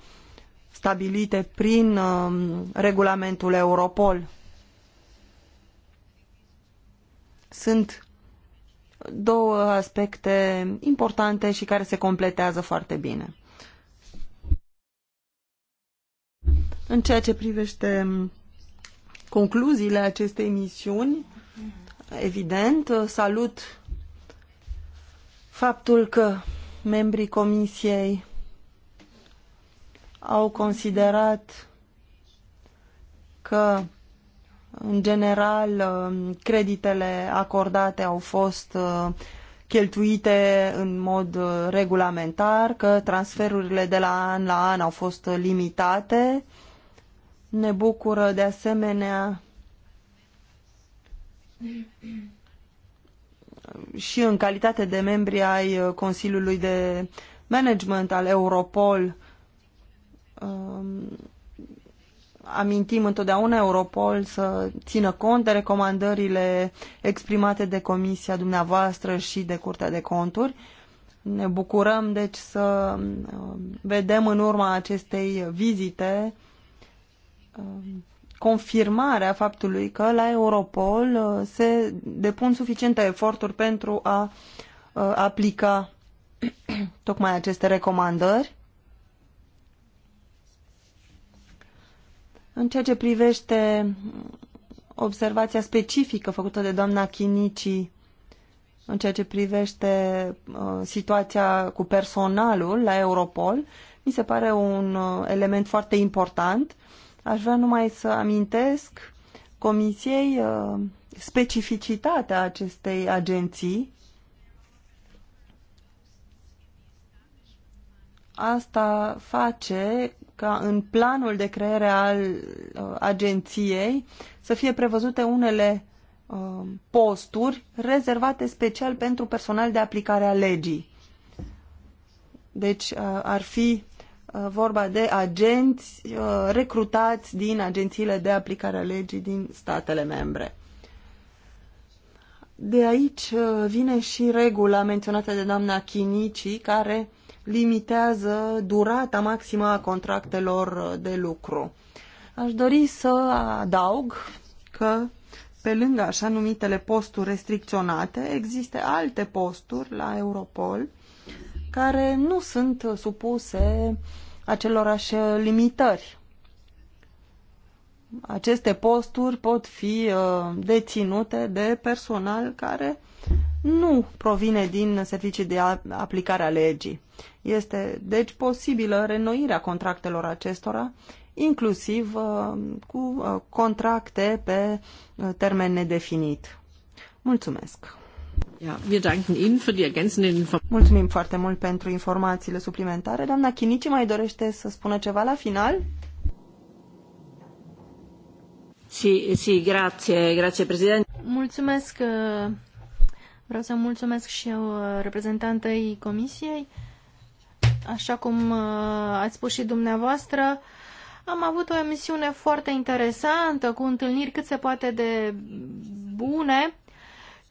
stabilite prin uh, regulamentul Europol. Sunt două aspecte importante și care se completează foarte bine. În ceea ce privește concluziile acestei misiuni, evident. Salut faptul că membrii comisiei au considerat că, în general, creditele acordate au fost uh, cheltuite în mod uh, regulamentar, că transferurile de la an la an au fost limitate. Ne bucură de asemenea și în calitate de membri ai Consiliului de Management al Europol, um, amintim întotdeauna Europol să țină cont de recomandările exprimate de Comisia dumneavoastră și de Curtea de Conturi. Ne bucurăm, deci, să um, vedem în urma acestei vizite um, confirmarea faptului că la Europol uh, se depun suficiente eforturi pentru a uh, aplica tocmai aceste recomandări. În ceea ce privește observația specifică făcută de doamna Chinici în ceea ce privește uh, situația cu personalul la Europol, mi se pare un uh, element foarte important Aș vrea numai să amintesc Comisiei uh, specificitatea acestei agenții. Asta face ca în planul de creare al uh, agenției să fie prevăzute unele uh, posturi rezervate special pentru personal de aplicare a legii. Deci ar fi Uh, vorba de agenți uh, recrutați din agențiile de aplicare a legii din statele membre. De aici uh, vine și regula menționată de doamna Chinici, care limitează durata maximă a contractelor de lucru. Aș dori să adaug că pe lângă așa numitele posturi restricționate, există alte posturi la Europol care nu sunt supuse acelorași limitări. Aceste posturi pot fi uh, deținute de personal care nu provine din servicii de aplicare a legii. Este deci posibilă renoirea contractelor acestora, inclusiv uh, cu uh, contracte pe termen nedefinit. Mulțumesc! Mulțumim foarte mult pentru informațiile suplimentare. Doamna Chinici mai dorește să spună ceva la final? Si, si, grazie, grazie, președinte. Mulțumesc. Uh, vreau să mulțumesc și eu uh, reprezentantei comisiei. Așa cum uh, ați spus și dumneavoastră, am avut o emisiune foarte interesantă, cu întâlniri cât se poate de bune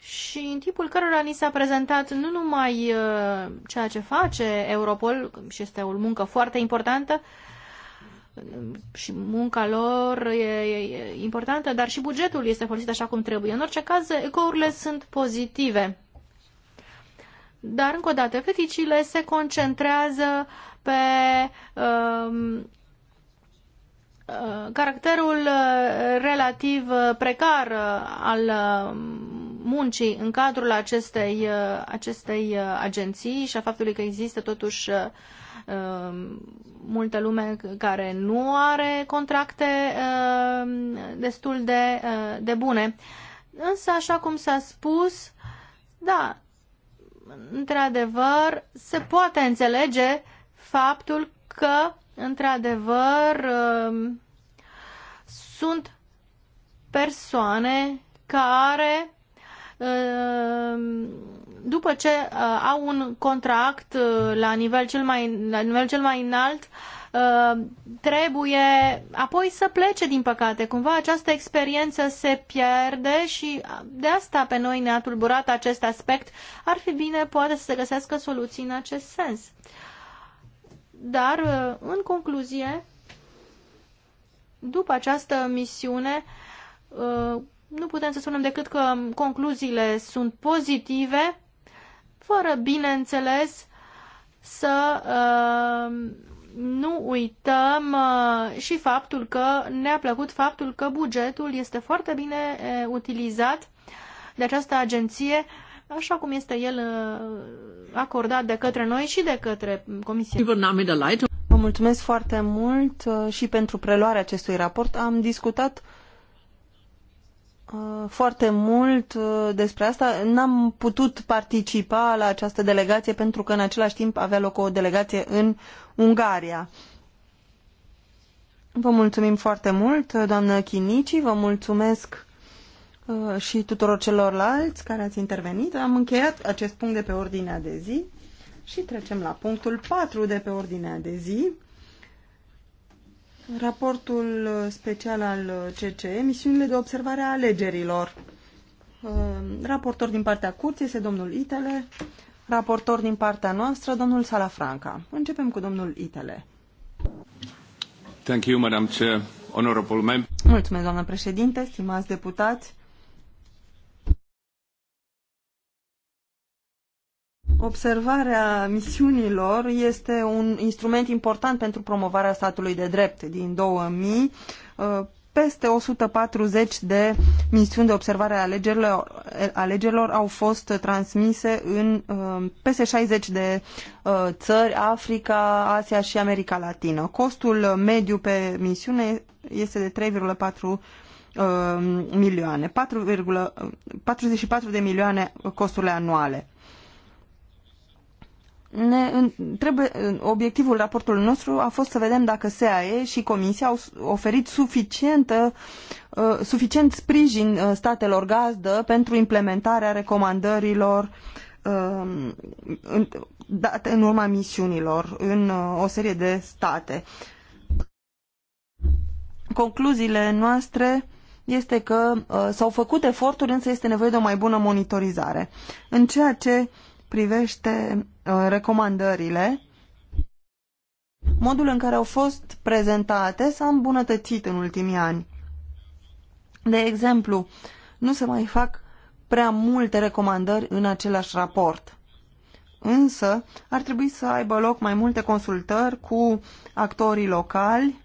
și în timpul cărora ni s-a prezentat nu numai uh, ceea ce face Europol, și este o muncă foarte importantă, uh, și munca lor e, e importantă, dar și bugetul este folosit așa cum trebuie. În orice caz, ecourile sunt pozitive. Dar, încă o dată, feticile se concentrează pe um, uh, caracterul relativ precar al um, muncii în cadrul acestei, uh, acestei uh, agenții și a faptului că există totuși uh, um, multă lume care nu are contracte um, destul de, de bune. Însă, așa cum s-a spus, da, într-adevăr, se poate înțelege faptul că, într-adevăr, um, sunt persoane care Ehm, după ce eh, au un contract eh, la nivel cel mai, la nivel cel mai înalt, ehm, trebuie apoi să plece, din păcate. Cumva această experiență se pierde și eh, de asta pe noi ne-a tulburat acest aspect. Ar fi bine, poate, să se găsească soluții în acest sens. Dar, în concluzie, după această misiune, nu putem să spunem decât că concluziile sunt pozitive, fără, bineînțeles, să uh, nu uităm uh, și faptul că ne-a plăcut faptul că bugetul este foarte bine uh, utilizat de această agenție, așa cum este el uh, acordat de către noi și de către Comisie. Vă mulțumesc foarte mult uh, și pentru preluarea acestui raport. Am discutat Uh, foarte mult uh, despre asta. N-am putut participa la această delegație pentru că în același timp avea loc o delegație în Ungaria. Vă mulțumim foarte mult, doamnă Chinici, vă mulțumesc uh, și tuturor celorlalți care ați intervenit. Am încheiat acest punct de pe ordinea de zi și trecem la punctul 4 de pe ordinea de zi raportul uh, special al uh, CCE, misiunile de observare a alegerilor. Uh, raportor din partea curții este domnul Itele, raportor din partea noastră, domnul Salafranca. Începem cu domnul Itele. Thank you, Madam Chair. Honorable Mulțumesc, doamnă președinte, stimați deputați. Observarea misiunilor este un instrument important pentru promovarea statului de drept. Din 2000, uh, peste 140 de misiuni de observare a alegerilor, alegerilor au fost transmise în uh, peste 60 de uh, țări, Africa, Asia și America Latină. Costul mediu pe misiune este de 3,4 milioane, 4, 44 de milioane costurile anuale ne, trebuie, obiectivul raportului nostru a fost să vedem dacă SAE și Comisia au oferit suficientă, uh, suficient sprijin uh, statelor gazdă pentru implementarea recomandărilor uh, în, date în urma misiunilor în uh, o serie de state. Concluziile noastre este că uh, s-au făcut eforturi, însă este nevoie de o mai bună monitorizare. În ceea ce uh, privește uh, recomandările, modul în care au fost prezentate s-a îmbunătățit în ultimii ani. De exemplu, nu se mai fac prea multe recomandări în același raport. Însă, ar trebui să aibă loc mai multe consultări cu actorii locali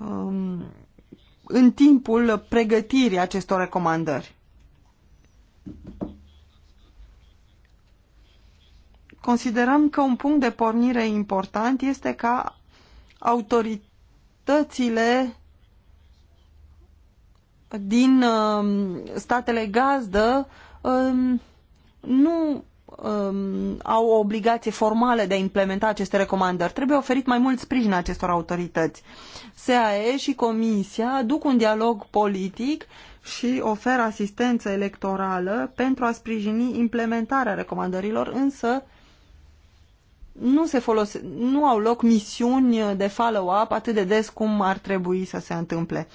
um, în timpul pregătirii acestor recomandări. Considerăm că un punct de pornire important este ca autoritățile din uh, statele gazdă uh, nu uh, au o obligație formală de a implementa aceste recomandări. Trebuie oferit mai mult sprijin acestor autorități. SAE și Comisia duc un dialog politic și oferă asistență electorală pentru a sprijini implementarea recomandărilor, însă nu, se folose, nu au loc misiuni de follow-up atât de des cum ar trebui să se întâmple.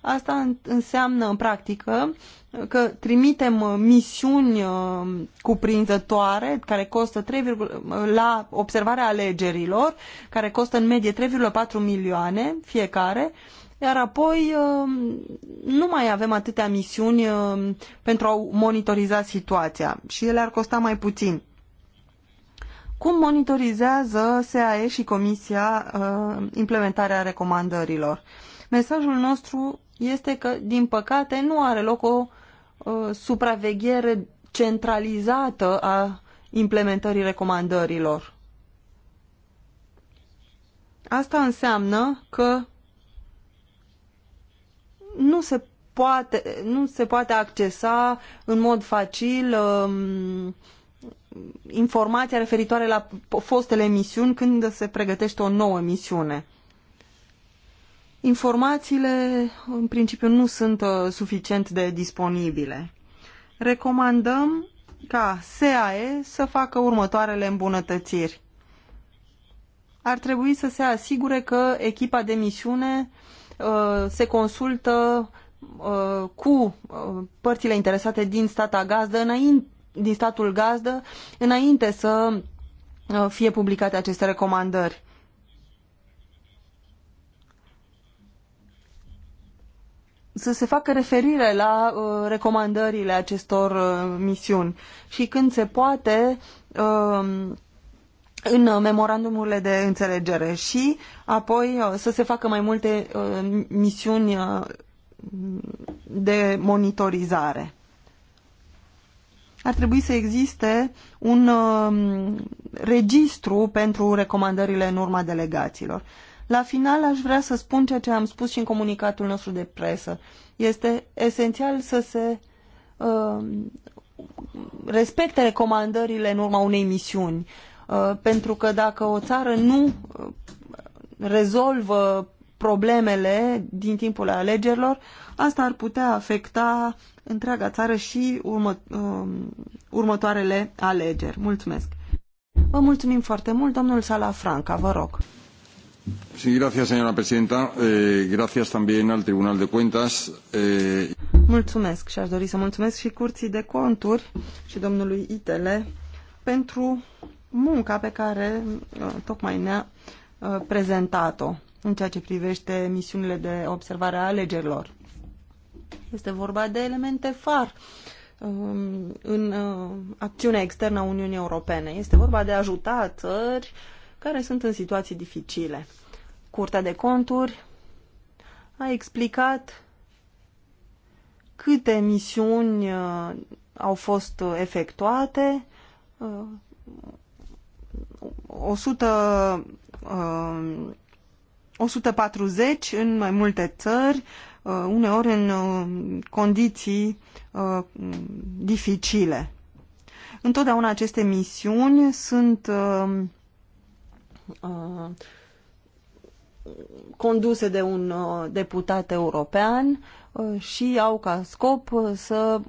Asta înseamnă în practică că trimitem uh, misiuni uh, cuprinzătoare care costă 3, uh, la observarea alegerilor, care costă în medie 3,4 milioane fiecare, iar apoi nu mai avem atâtea misiuni pentru a monitoriza situația și ele ar costa mai puțin. Cum monitorizează SAE și Comisia uh, implementarea recomandărilor? Mesajul nostru este că, din păcate, nu are loc o uh, supraveghere centralizată a implementării recomandărilor. Asta înseamnă că nu se poate, nu se poate accesa în mod facil Uh, informația referitoare la fostele misiuni când se pregătește o nouă misiune. Informațiile, în principiu, nu sunt uh, suficient de disponibile. Recomandăm ca SAE să facă următoarele îmbunătățiri. Ar trebui să se asigure că echipa de misiune uh, se consultă uh, cu uh, părțile interesate din stata gazdă înainte, din statul gazdă înainte să uh, fie publicate aceste recomandări. să se facă referire la uh, recomandările acestor uh, misiuni și când se poate uh, în memorandumurile de înțelegere și apoi uh, să se facă mai multe uh, misiuni uh, de monitorizare ar trebui să existe un um, registru pentru recomandările în urma delegațiilor. La final aș vrea să spun ceea ce am spus și în comunicatul nostru de presă. Este esențial să se uh, respecte recomandările în urma unei misiuni, uh, pentru că dacă o țară nu uh, rezolvă problemele din timpul alegerilor, asta ar putea afecta întreaga țară și urmă, um, următoarele alegeri. Mulțumesc! Vă mulțumim foarte mult, domnul Sala Franca, vă rog. Sí, gracias, señora presidenta. Eh, gracias también al Tribunal de Cuentas. Eh... Mulțumesc și aș dori să mulțumesc și Curții de Conturi și domnului Itele pentru munca pe care uh, tocmai ne-a uh, prezentat-o în ceea ce privește misiunile de observare a alegerilor. Este vorba de elemente far um, în uh, acțiunea externă a Uniunii Europene. Este vorba de a ajuta țări care sunt în situații dificile. Curtea de conturi a explicat câte misiuni uh, au fost efectuate, 100 uh, 140 în mai multe țări, uh, uneori în uh, condiții uh, dificile. Întotdeauna aceste misiuni sunt conduse de un deputat european și au ca scop să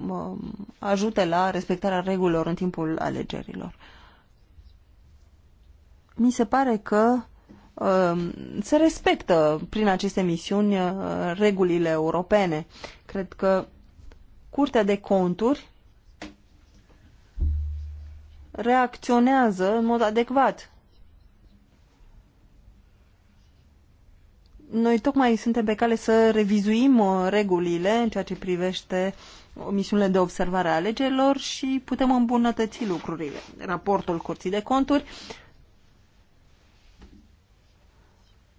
ajute la respectarea regulilor în timpul alegerilor. Mi se pare că Um, se respectă prin aceste misiuni uh, regulile europene. Cred că Curtea de Conturi reacționează în mod adecvat. Noi tocmai suntem pe cale să revizuim uh, regulile în ceea ce privește uh, misiunile de observare a alegerilor și putem îmbunătăți lucrurile. Raportul Curții de Conturi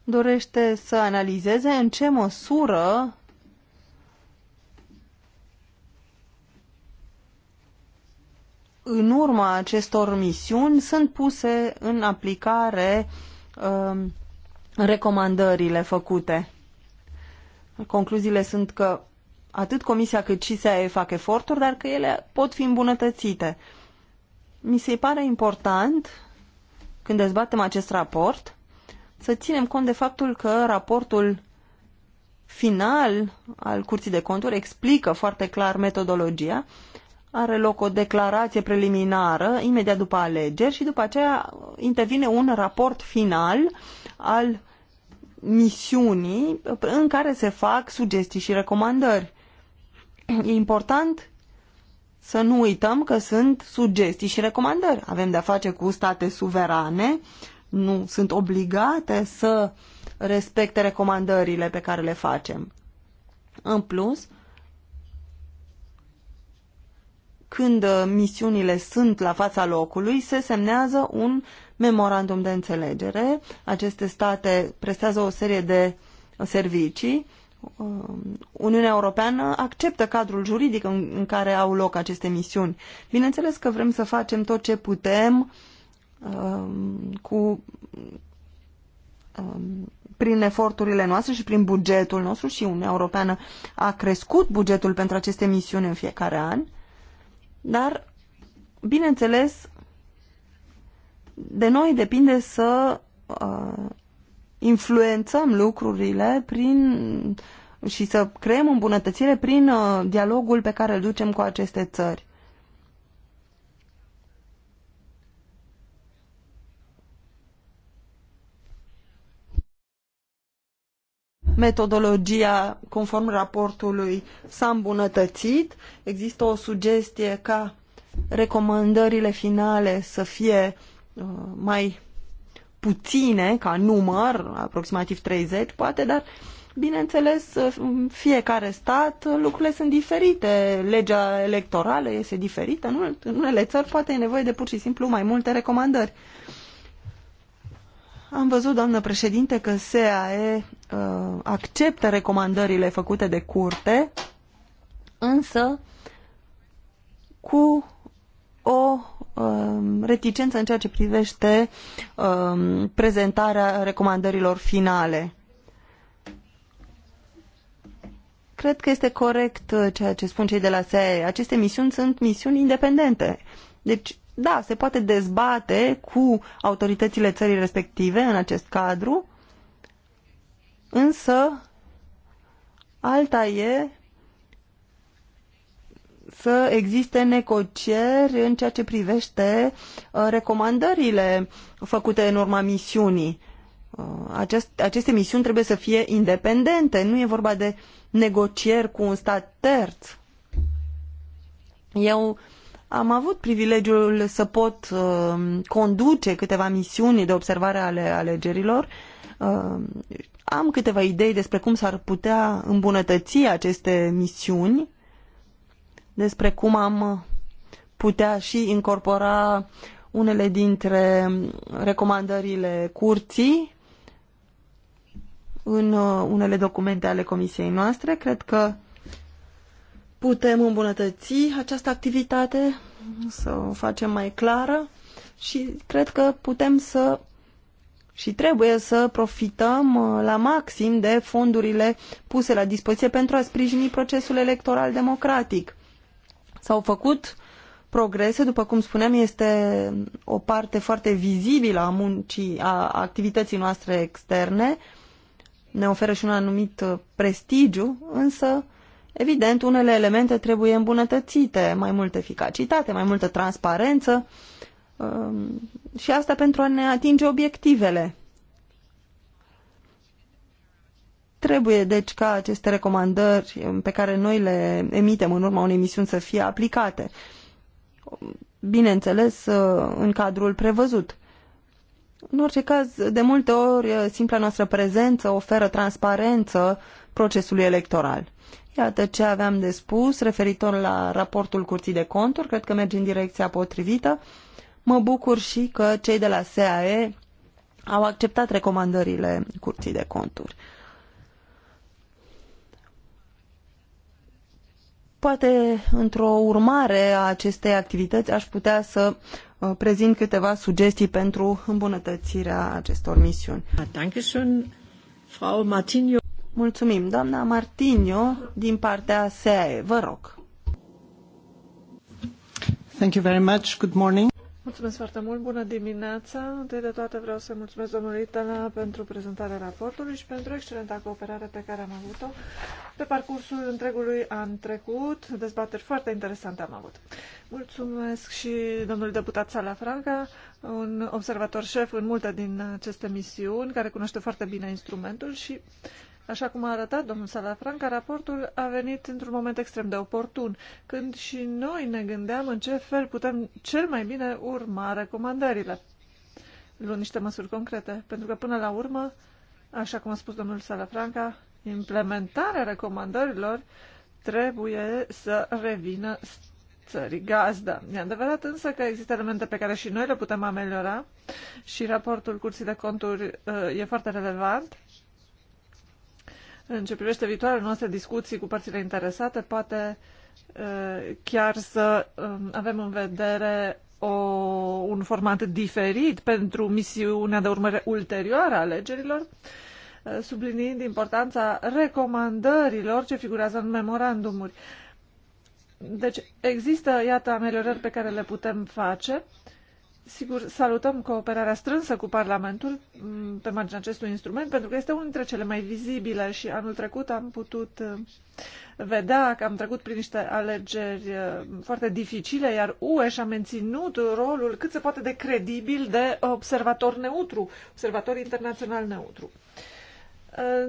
dorește să analizeze în ce măsură în urma acestor misiuni sunt puse în aplicare um, recomandările făcute. Concluziile sunt că atât Comisia cât și SAE fac eforturi, dar că ele pot fi îmbunătățite. Mi se pare important, când dezbatem acest raport, să ținem cont de faptul că raportul final al Curții de Conturi explică foarte clar metodologia. Are loc o declarație preliminară imediat după alegeri și după aceea intervine un raport final al misiunii în care se fac sugestii și recomandări. E important să nu uităm că sunt sugestii și recomandări. Avem de-a face cu state suverane nu sunt obligate să respecte recomandările pe care le facem. În plus, când misiunile sunt la fața locului, se semnează un memorandum de înțelegere. Aceste state prestează o serie de servicii. Um, Uniunea Europeană acceptă cadrul juridic în, care au loc aceste misiuni. Bineînțeles că vrem să facem tot ce putem uh, Um, cu um, prin eforturile noastre și prin bugetul nostru și Uniunea Europeană a crescut bugetul pentru aceste misiuni în fiecare an, dar, bineînțeles, de noi depinde să uh, influențăm lucrurile prin și să creăm îmbunătățire prin uh, dialogul pe care îl ducem cu aceste țări. metodologia conform raportului s-a îmbunătățit. Există o sugestie ca recomandările finale să fie uh, mai puține ca număr, aproximativ 30 poate, dar bineînțeles uh, în fiecare stat uh, lucrurile sunt diferite, legea electorală este diferită, în unele țări poate e nevoie de pur și simplu mai multe recomandări. Uh, am văzut, doamnă președinte, că SAE uh, acceptă recomandările făcute de curte, însă cu o uh, reticență în ceea ce privește uh, prezentarea recomandărilor finale. Cred că este corect uh, ceea ce spun cei de la SAE. Aceste misiuni sunt misiuni independente. Deci da, se poate dezbate cu autoritățile țării respective în acest cadru, însă alta e să existe negocieri în ceea ce privește uh, recomandările făcute în urma misiunii. Uh, acest, aceste misiuni trebuie să fie independente, nu e vorba de negocieri cu un stat terț. Eu am avut privilegiul să pot uh, conduce câteva misiuni de observare ale alegerilor. Uh, am câteva idei despre cum s-ar putea îmbunătăți aceste misiuni, despre cum am putea și incorpora unele dintre recomandările curții în uh, unele documente ale comisiei noastre. Cred că putem îmbunătăți această activitate, să o facem mai clară și cred că putem să și trebuie să profităm uh, la maxim de fondurile puse la dispoziție pentru a sprijini procesul electoral democratic. S-au făcut progrese, după cum spuneam, este o parte foarte vizibilă a muncii, a activității noastre externe, ne oferă și un anumit uh, prestigiu, însă Evident, unele elemente trebuie îmbunătățite, mai multă eficacitate, mai multă transparență um, și asta pentru a ne atinge obiectivele. Trebuie, deci, ca aceste recomandări um, pe care noi le emitem în urma unei misiuni să fie aplicate. Bineînțeles, uh, în cadrul prevăzut. În orice caz, de multe ori, uh, simpla noastră prezență oferă transparență procesului electoral. Iată ce aveam de spus referitor la raportul Curții de Conturi. Cred că merge în direcția potrivită. Mă bucur și că cei de la SAE au acceptat recomandările Curții de Conturi. Poate într-o urmare a acestei activități aș putea să uh, prezint câteva sugestii pentru îmbunătățirea acestor misiuni. Ah, Dankeschön, Frau Martinio. Mulțumim. Doamna Martinio, din partea SAE, vă rog. Thank you very much. Good morning. Mulțumesc foarte mult. Bună dimineața. Întâi de toate vreau să mulțumesc domnului Tăna pentru prezentarea raportului și pentru excelenta cooperare pe care am avut-o pe parcursul întregului an trecut. Dezbateri foarte interesante am avut. Mulțumesc și domnului deputat Sala Franca, un observator șef în multe din aceste misiuni, care cunoaște foarte bine instrumentul și Așa cum a arătat domnul Salafranca, raportul a venit într-un moment extrem de oportun, când și noi ne gândeam în ce fel putem cel mai bine urma recomandările, luând niște măsuri concrete, pentru că până la urmă, așa cum a spus domnul Salafranca, implementarea recomandărilor trebuie să revină țării gazda. E adevărat însă că există elemente pe care și noi le putem ameliora și raportul Curții de Conturi uh, e foarte relevant în ce privește viitoarele noastre discuții cu părțile interesate, poate chiar să avem în vedere o, un format diferit pentru misiunea de urmăre ulterioară a alegerilor, subliniind importanța recomandărilor ce figurează în memorandumuri. Deci există, iată, ameliorări pe care le putem face Sigur, salutăm cooperarea strânsă cu Parlamentul mm, pe marginea acestui instrument, pentru că este unul dintre cele mai vizibile și anul trecut am putut uh, vedea că am trecut prin niște alegeri uh, foarte dificile, iar UE și-a menținut rolul cât se poate de credibil de observator neutru, observator internațional neutru. Uh,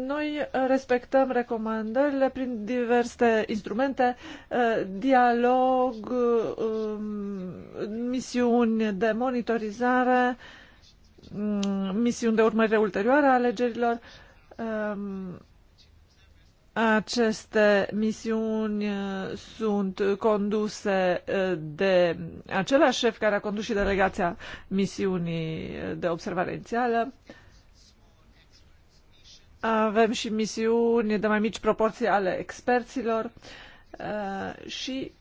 noi respectăm recomandările prin diverse instrumente, dialog, um, misiuni de monitorizare, um, misiuni de urmărire ulterioară a alegerilor. Um, aceste misiuni uh, sunt conduse uh, de același șef care a condus și delegația misiunii uh, de observare inițială. Avem și misiuni de mai mici proporții ale experților uh, și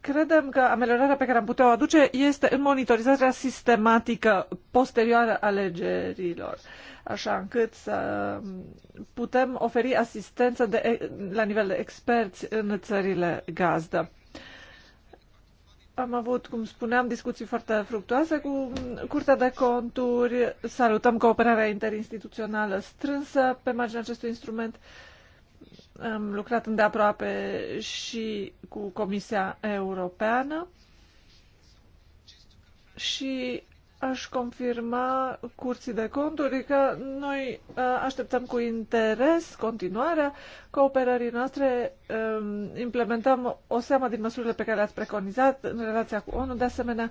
credem că ameliorarea pe care am putea o aduce este în monitorizarea sistematică posterioară alegerilor, așa încât să putem oferi asistență de, la nivel de experți în țările gazdă. Am avut, cum spuneam, discuții foarte fructuoase cu Curtea de Conturi. Salutăm cooperarea interinstituțională strânsă pe marginea acestui instrument. Am lucrat îndeaproape și cu Comisia Europeană și aș confirma curții de conturi că noi uh, așteptăm cu interes continuarea cooperării noastre, um, implementăm o seamă din măsurile pe care le-ați preconizat în relația cu ONU, de asemenea,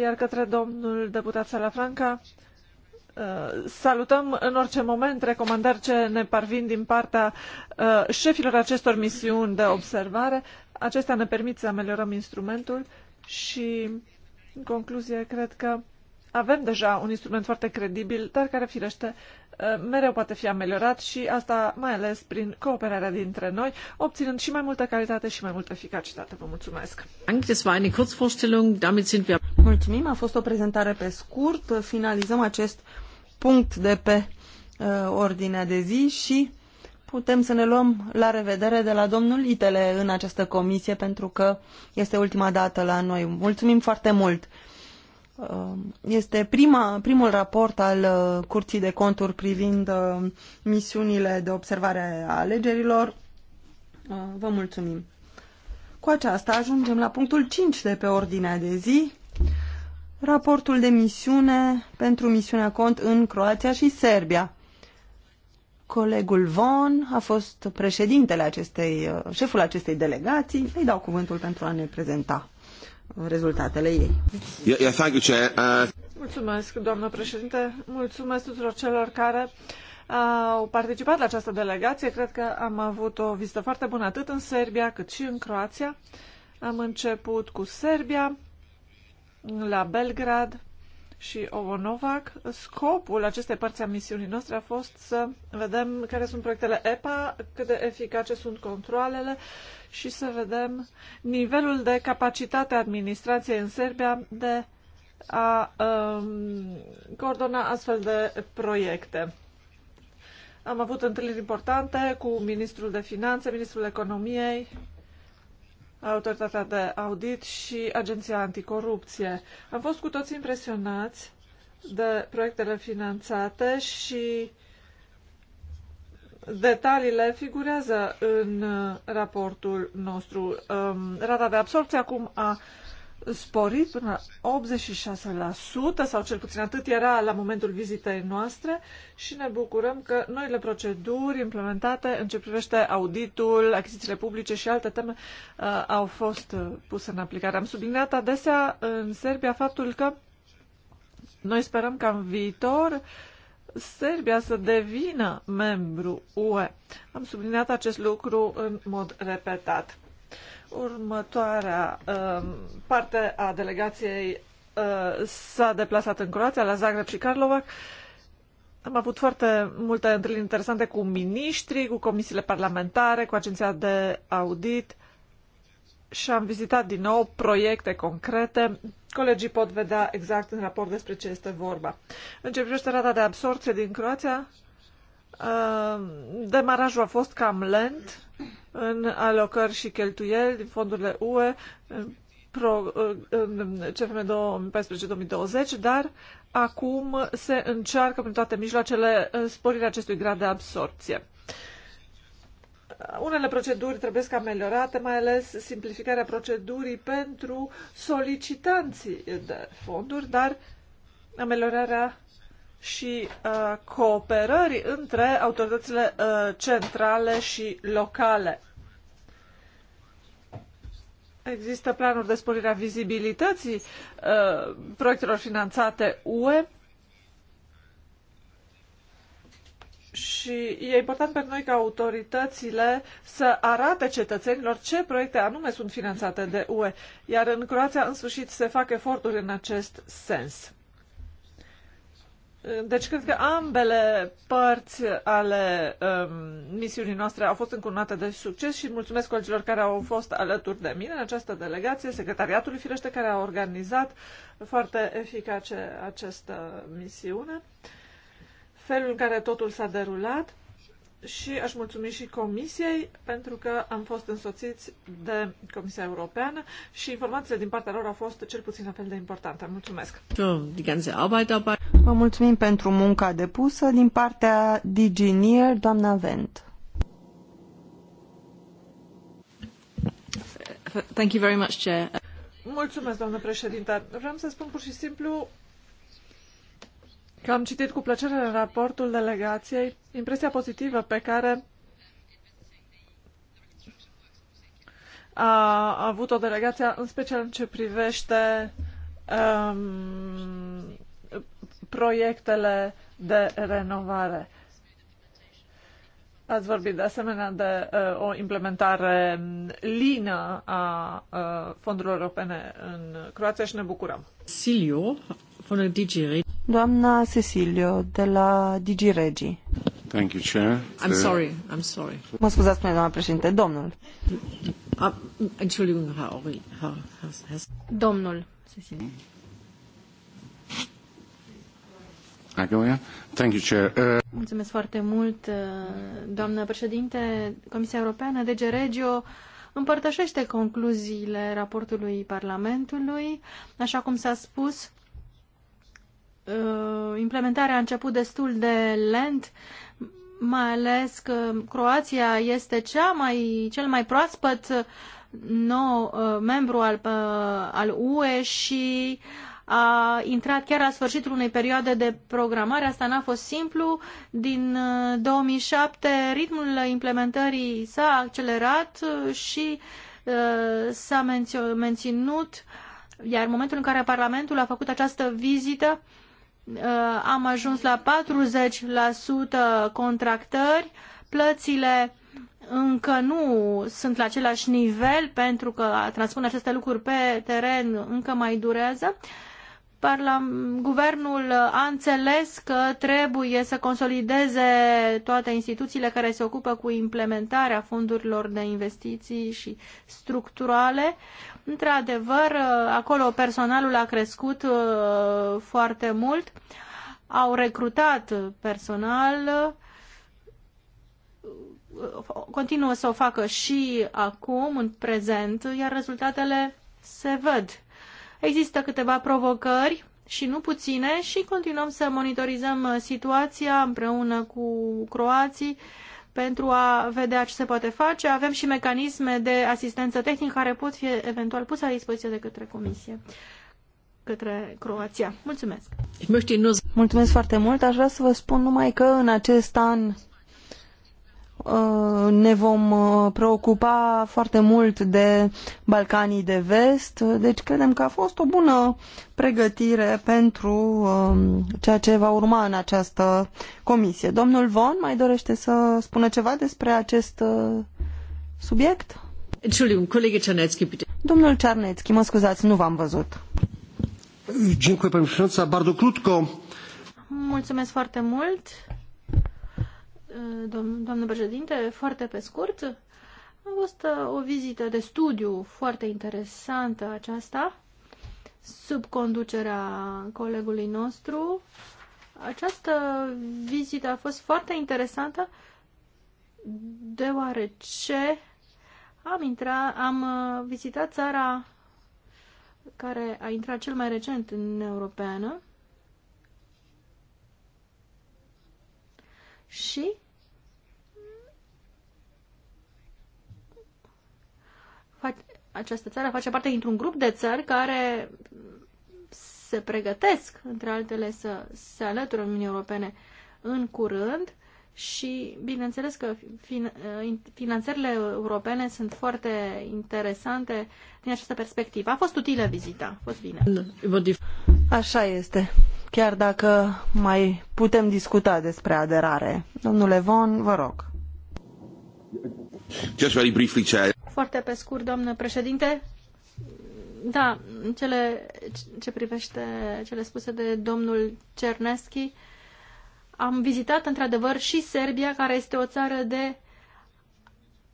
iar către domnul deputat Salafranca, uh, salutăm în orice moment recomandări ce ne parvin din partea uh, șefilor acestor misiuni de observare. Acestea ne permit să ameliorăm instrumentul și, în concluzie, cred că avem deja un instrument foarte credibil, dar care, firește, uh, mereu poate fi ameliorat și asta mai ales prin cooperarea dintre noi, obținând și mai multă calitate și mai multă eficacitate. Vă mulțumesc! Mulțumim, a fost o prezentare pe scurt. Finalizăm acest punct de pe uh, ordinea de zi și putem să ne luăm la revedere de la domnul Itele în această comisie pentru că este ultima dată la noi. Mulțumim foarte mult! Um, este prima, primul raport al uh, Curții de Conturi privind uh, misiunile de observare a alegerilor. Uh, vă mulțumim. Cu aceasta ajungem la punctul 5 de pe ordinea de zi, raportul de misiune pentru misiunea cont în Croația și Serbia. Colegul Von a fost președintele acestei, șeful acestei delegații. Îi dau cuvântul pentru a ne prezenta rezultatele ei. Yeah, thank you, Chair. Uh... Mulțumesc, doamnă președinte. Mulțumesc tuturor celor care uh, au participat la această delegație. Cred că am avut o vizită foarte bună atât în Serbia cât și în Croația. Am început cu Serbia, la Belgrad, și Ovo Novak. Scopul acestei părți a misiunii noastre a fost să vedem care sunt proiectele EPA, cât de eficace sunt controlele și să vedem nivelul de capacitate a administrației în Serbia de a um, coordona astfel de proiecte. Am avut întâlniri importante cu ministrul de finanțe, ministrul economiei, Autoritatea de Audit și Agenția Anticorupție. Am fost cu toți impresionați de proiectele finanțate și detaliile figurează în uh, raportul nostru. Um, rata de absorpție acum a sporit până la 86% sau cel puțin atât era la momentul vizitei noastre și ne bucurăm că noile proceduri implementate în ce privește auditul, achizițiile publice și alte teme uh, au fost uh, puse în aplicare. Am subliniat adesea în Serbia faptul că noi sperăm că în viitor Serbia să devină membru UE. Am subliniat acest lucru în mod repetat. Următoarea um, parte a delegației uh, s-a deplasat în Croația, la Zagreb și Karlovac. Am avut foarte multe întâlniri interesante cu miniștri, cu comisiile parlamentare, cu agenția de audit și am vizitat din nou proiecte concrete. Colegii pot vedea exact în raport despre ce este vorba. În ce privește rata de absorție din Croația, uh, demarajul a fost cam lent, în alocări și cheltuieli din fondurile UE pro, în CFM 2014-2020, dar acum se încearcă prin toate mijloacele uh, sporirea acestui grad de absorpție. Unele proceduri trebuie să ameliorate, mai ales simplificarea procedurii pentru solicitanții de fonduri, dar ameliorarea și uh, cooperării între autoritățile uh, centrale și locale. Există planuri de sporire a vizibilității uh, proiectelor finanțate UE și e important pentru noi ca autoritățile să arate cetățenilor ce proiecte anume sunt finanțate de UE, iar în Croația în sfârșit se fac eforturi în acest sens. Deci cred că ambele părți ale um, misiunii noastre au fost încurnate de succes și mulțumesc colegilor care au fost alături de mine în această delegație, secretariatului firește care a organizat foarte eficace această misiune, felul în care totul s-a derulat și aș mulțumi și Comisiei pentru că am fost însoțiți de Comisia Europeană și informațiile din partea lor au fost cel puțin la fel de importante. Mulțumesc! Vă mulțumim pentru munca depusă din partea Diginier, doamna Vent. Thank you very much, Chair. Mulțumesc, doamnă președinte. Vreau să spun pur și simplu că am citit cu plăcere raportul delegației, impresia pozitivă pe care a avut o delegație, în special în ce privește um, proiectele de renovare. Ați vorbit de asemenea de uh, o implementare lină a uh, fondurilor europene în Croația și ne bucurăm. Silio, Von der Doamna Cecilio, de la DG Regi. Thank you, Chair. I'm sorry, I'm sorry. Mă scuzați, spune doamna președinte, domnul. Ah, Entschuldigung, Herr Ori. Domnul Cecilio. Thank you, Chair. Uh, Mulțumesc foarte mult, uh, doamnă președinte. Comisia Europeană, DG Regio, împărtășește concluziile raportului Parlamentului. Așa cum s-a spus, Uh, implementarea a început destul de lent, mai ales că Croația este cea mai, cel mai proaspăt nou uh, membru al, uh, al UE și a intrat chiar la sfârșitul unei perioade de programare. Asta n-a fost simplu. Din 2007 ritmul implementării s-a accelerat și s-a menținut iar în momentul în care Parlamentul a făcut această vizită Uh, am ajuns la 40% contractări, plățile încă nu sunt la același nivel pentru că a transpune aceste lucruri pe teren încă mai durează. Uh, Guvernul a înțeles că trebuie să consolideze toate instituțiile care se ocupă cu implementarea fondurilor de investiții și structurale. Într-adevăr, acolo personalul a crescut uh, foarte mult, au recrutat personal, continuă să o facă și acum, în prezent, iar rezultatele se văd Există câteva provocări și nu puține și continuăm să monitorizăm uh, situația împreună cu croații pentru a vedea ce se poate face. Avem și mecanisme de asistență tehnică care pot fi eventual puse la dispoziție de către Comisie către Croația. Mulțumesc! Mulțumesc foarte mult! Aș vrea să vă spun numai că în acest an Uh, ne vom uh, preocupa foarte mult de Balcanii de Vest, deci credem că a fost o bună pregătire pentru um, ceea ce va urma în această comisie. Domnul Von mai dorește să spună ceva despre acest uh, subiect? Entschuldigung, Kollege Czarnecki, bitte. Domnul Czarnecki, mă scuzați, nu v-am văzut. Dziękuję, Mulțumesc foarte mult. Eh, doamnă președinte, foarte pe scurt. A fost eh, o vizită de studiu foarte interesantă aceasta, sub conducerea colegului nostru. Această vizită a fost foarte interesantă deoarece am, intrat, am eh, vizitat țara care a intrat cel mai recent în Europeană, și această țară face parte dintr-un grup de țări care se pregătesc, între altele, să se alăture Uniunii Europene în curând și, bineînțeles că fin, finanțările europene sunt foarte interesante din această perspectivă. A fost utilă vizita, a fost bine. Așa este. Chiar dacă mai putem discuta despre aderare. Domnule Von, vă rog. Just very briefly, Chair. Foarte pe scurt, doamnă președinte. Da, cele ce privește cele spuse de domnul Cerneschi, am vizitat într-adevăr și Serbia, care este o țară de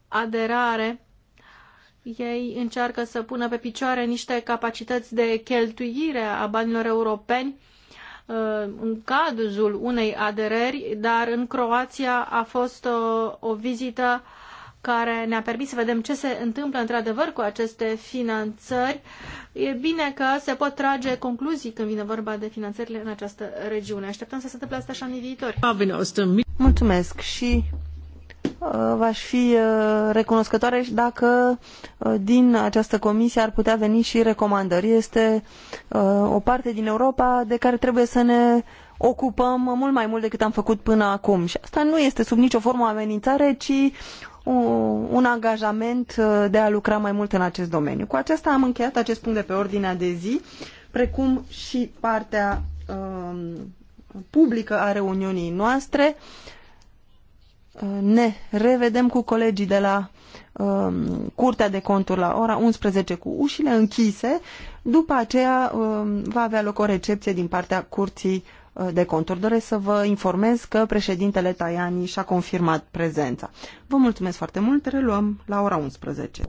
aderare. Ei încearcă să pună pe picioare niște capacități de cheltuire a banilor europeni uh, în cadrul unei aderări, dar în Croația a fost o, uh, o vizită uh, care ne-a permis să vedem ce se întâmplă într-adevăr cu aceste finanțări. E bine că se pot trage concluzii când vine vorba de finanțările în această regiune. Așteptăm să se întâmple asta așa în viitor. Mulțumesc și uh, v-aș fi uh, recunoscătoare și dacă uh, din această comisie ar putea veni și recomandări. Este o parte din Europa de care trebuie să ne ocupăm mult mai mult decât am făcut până acum. Și asta nu este sub nicio formă o amenințare, ci un angajament uh, de a lucra mai mult în acest domeniu. Cu acesta am încheiat acest punct de pe ordinea de zi, precum și partea um, publică a reuniunii noastre. Uh, ne revedem cu colegii de la um, Curtea de Conturi la ora 11 cu ușile închise. După aceea um, va avea loc o recepție din partea Curții de Conturi. Doresc să vă informez că președintele Tajani și-a confirmat prezența. Vă mulțumesc foarte mult, reluăm la ora 11.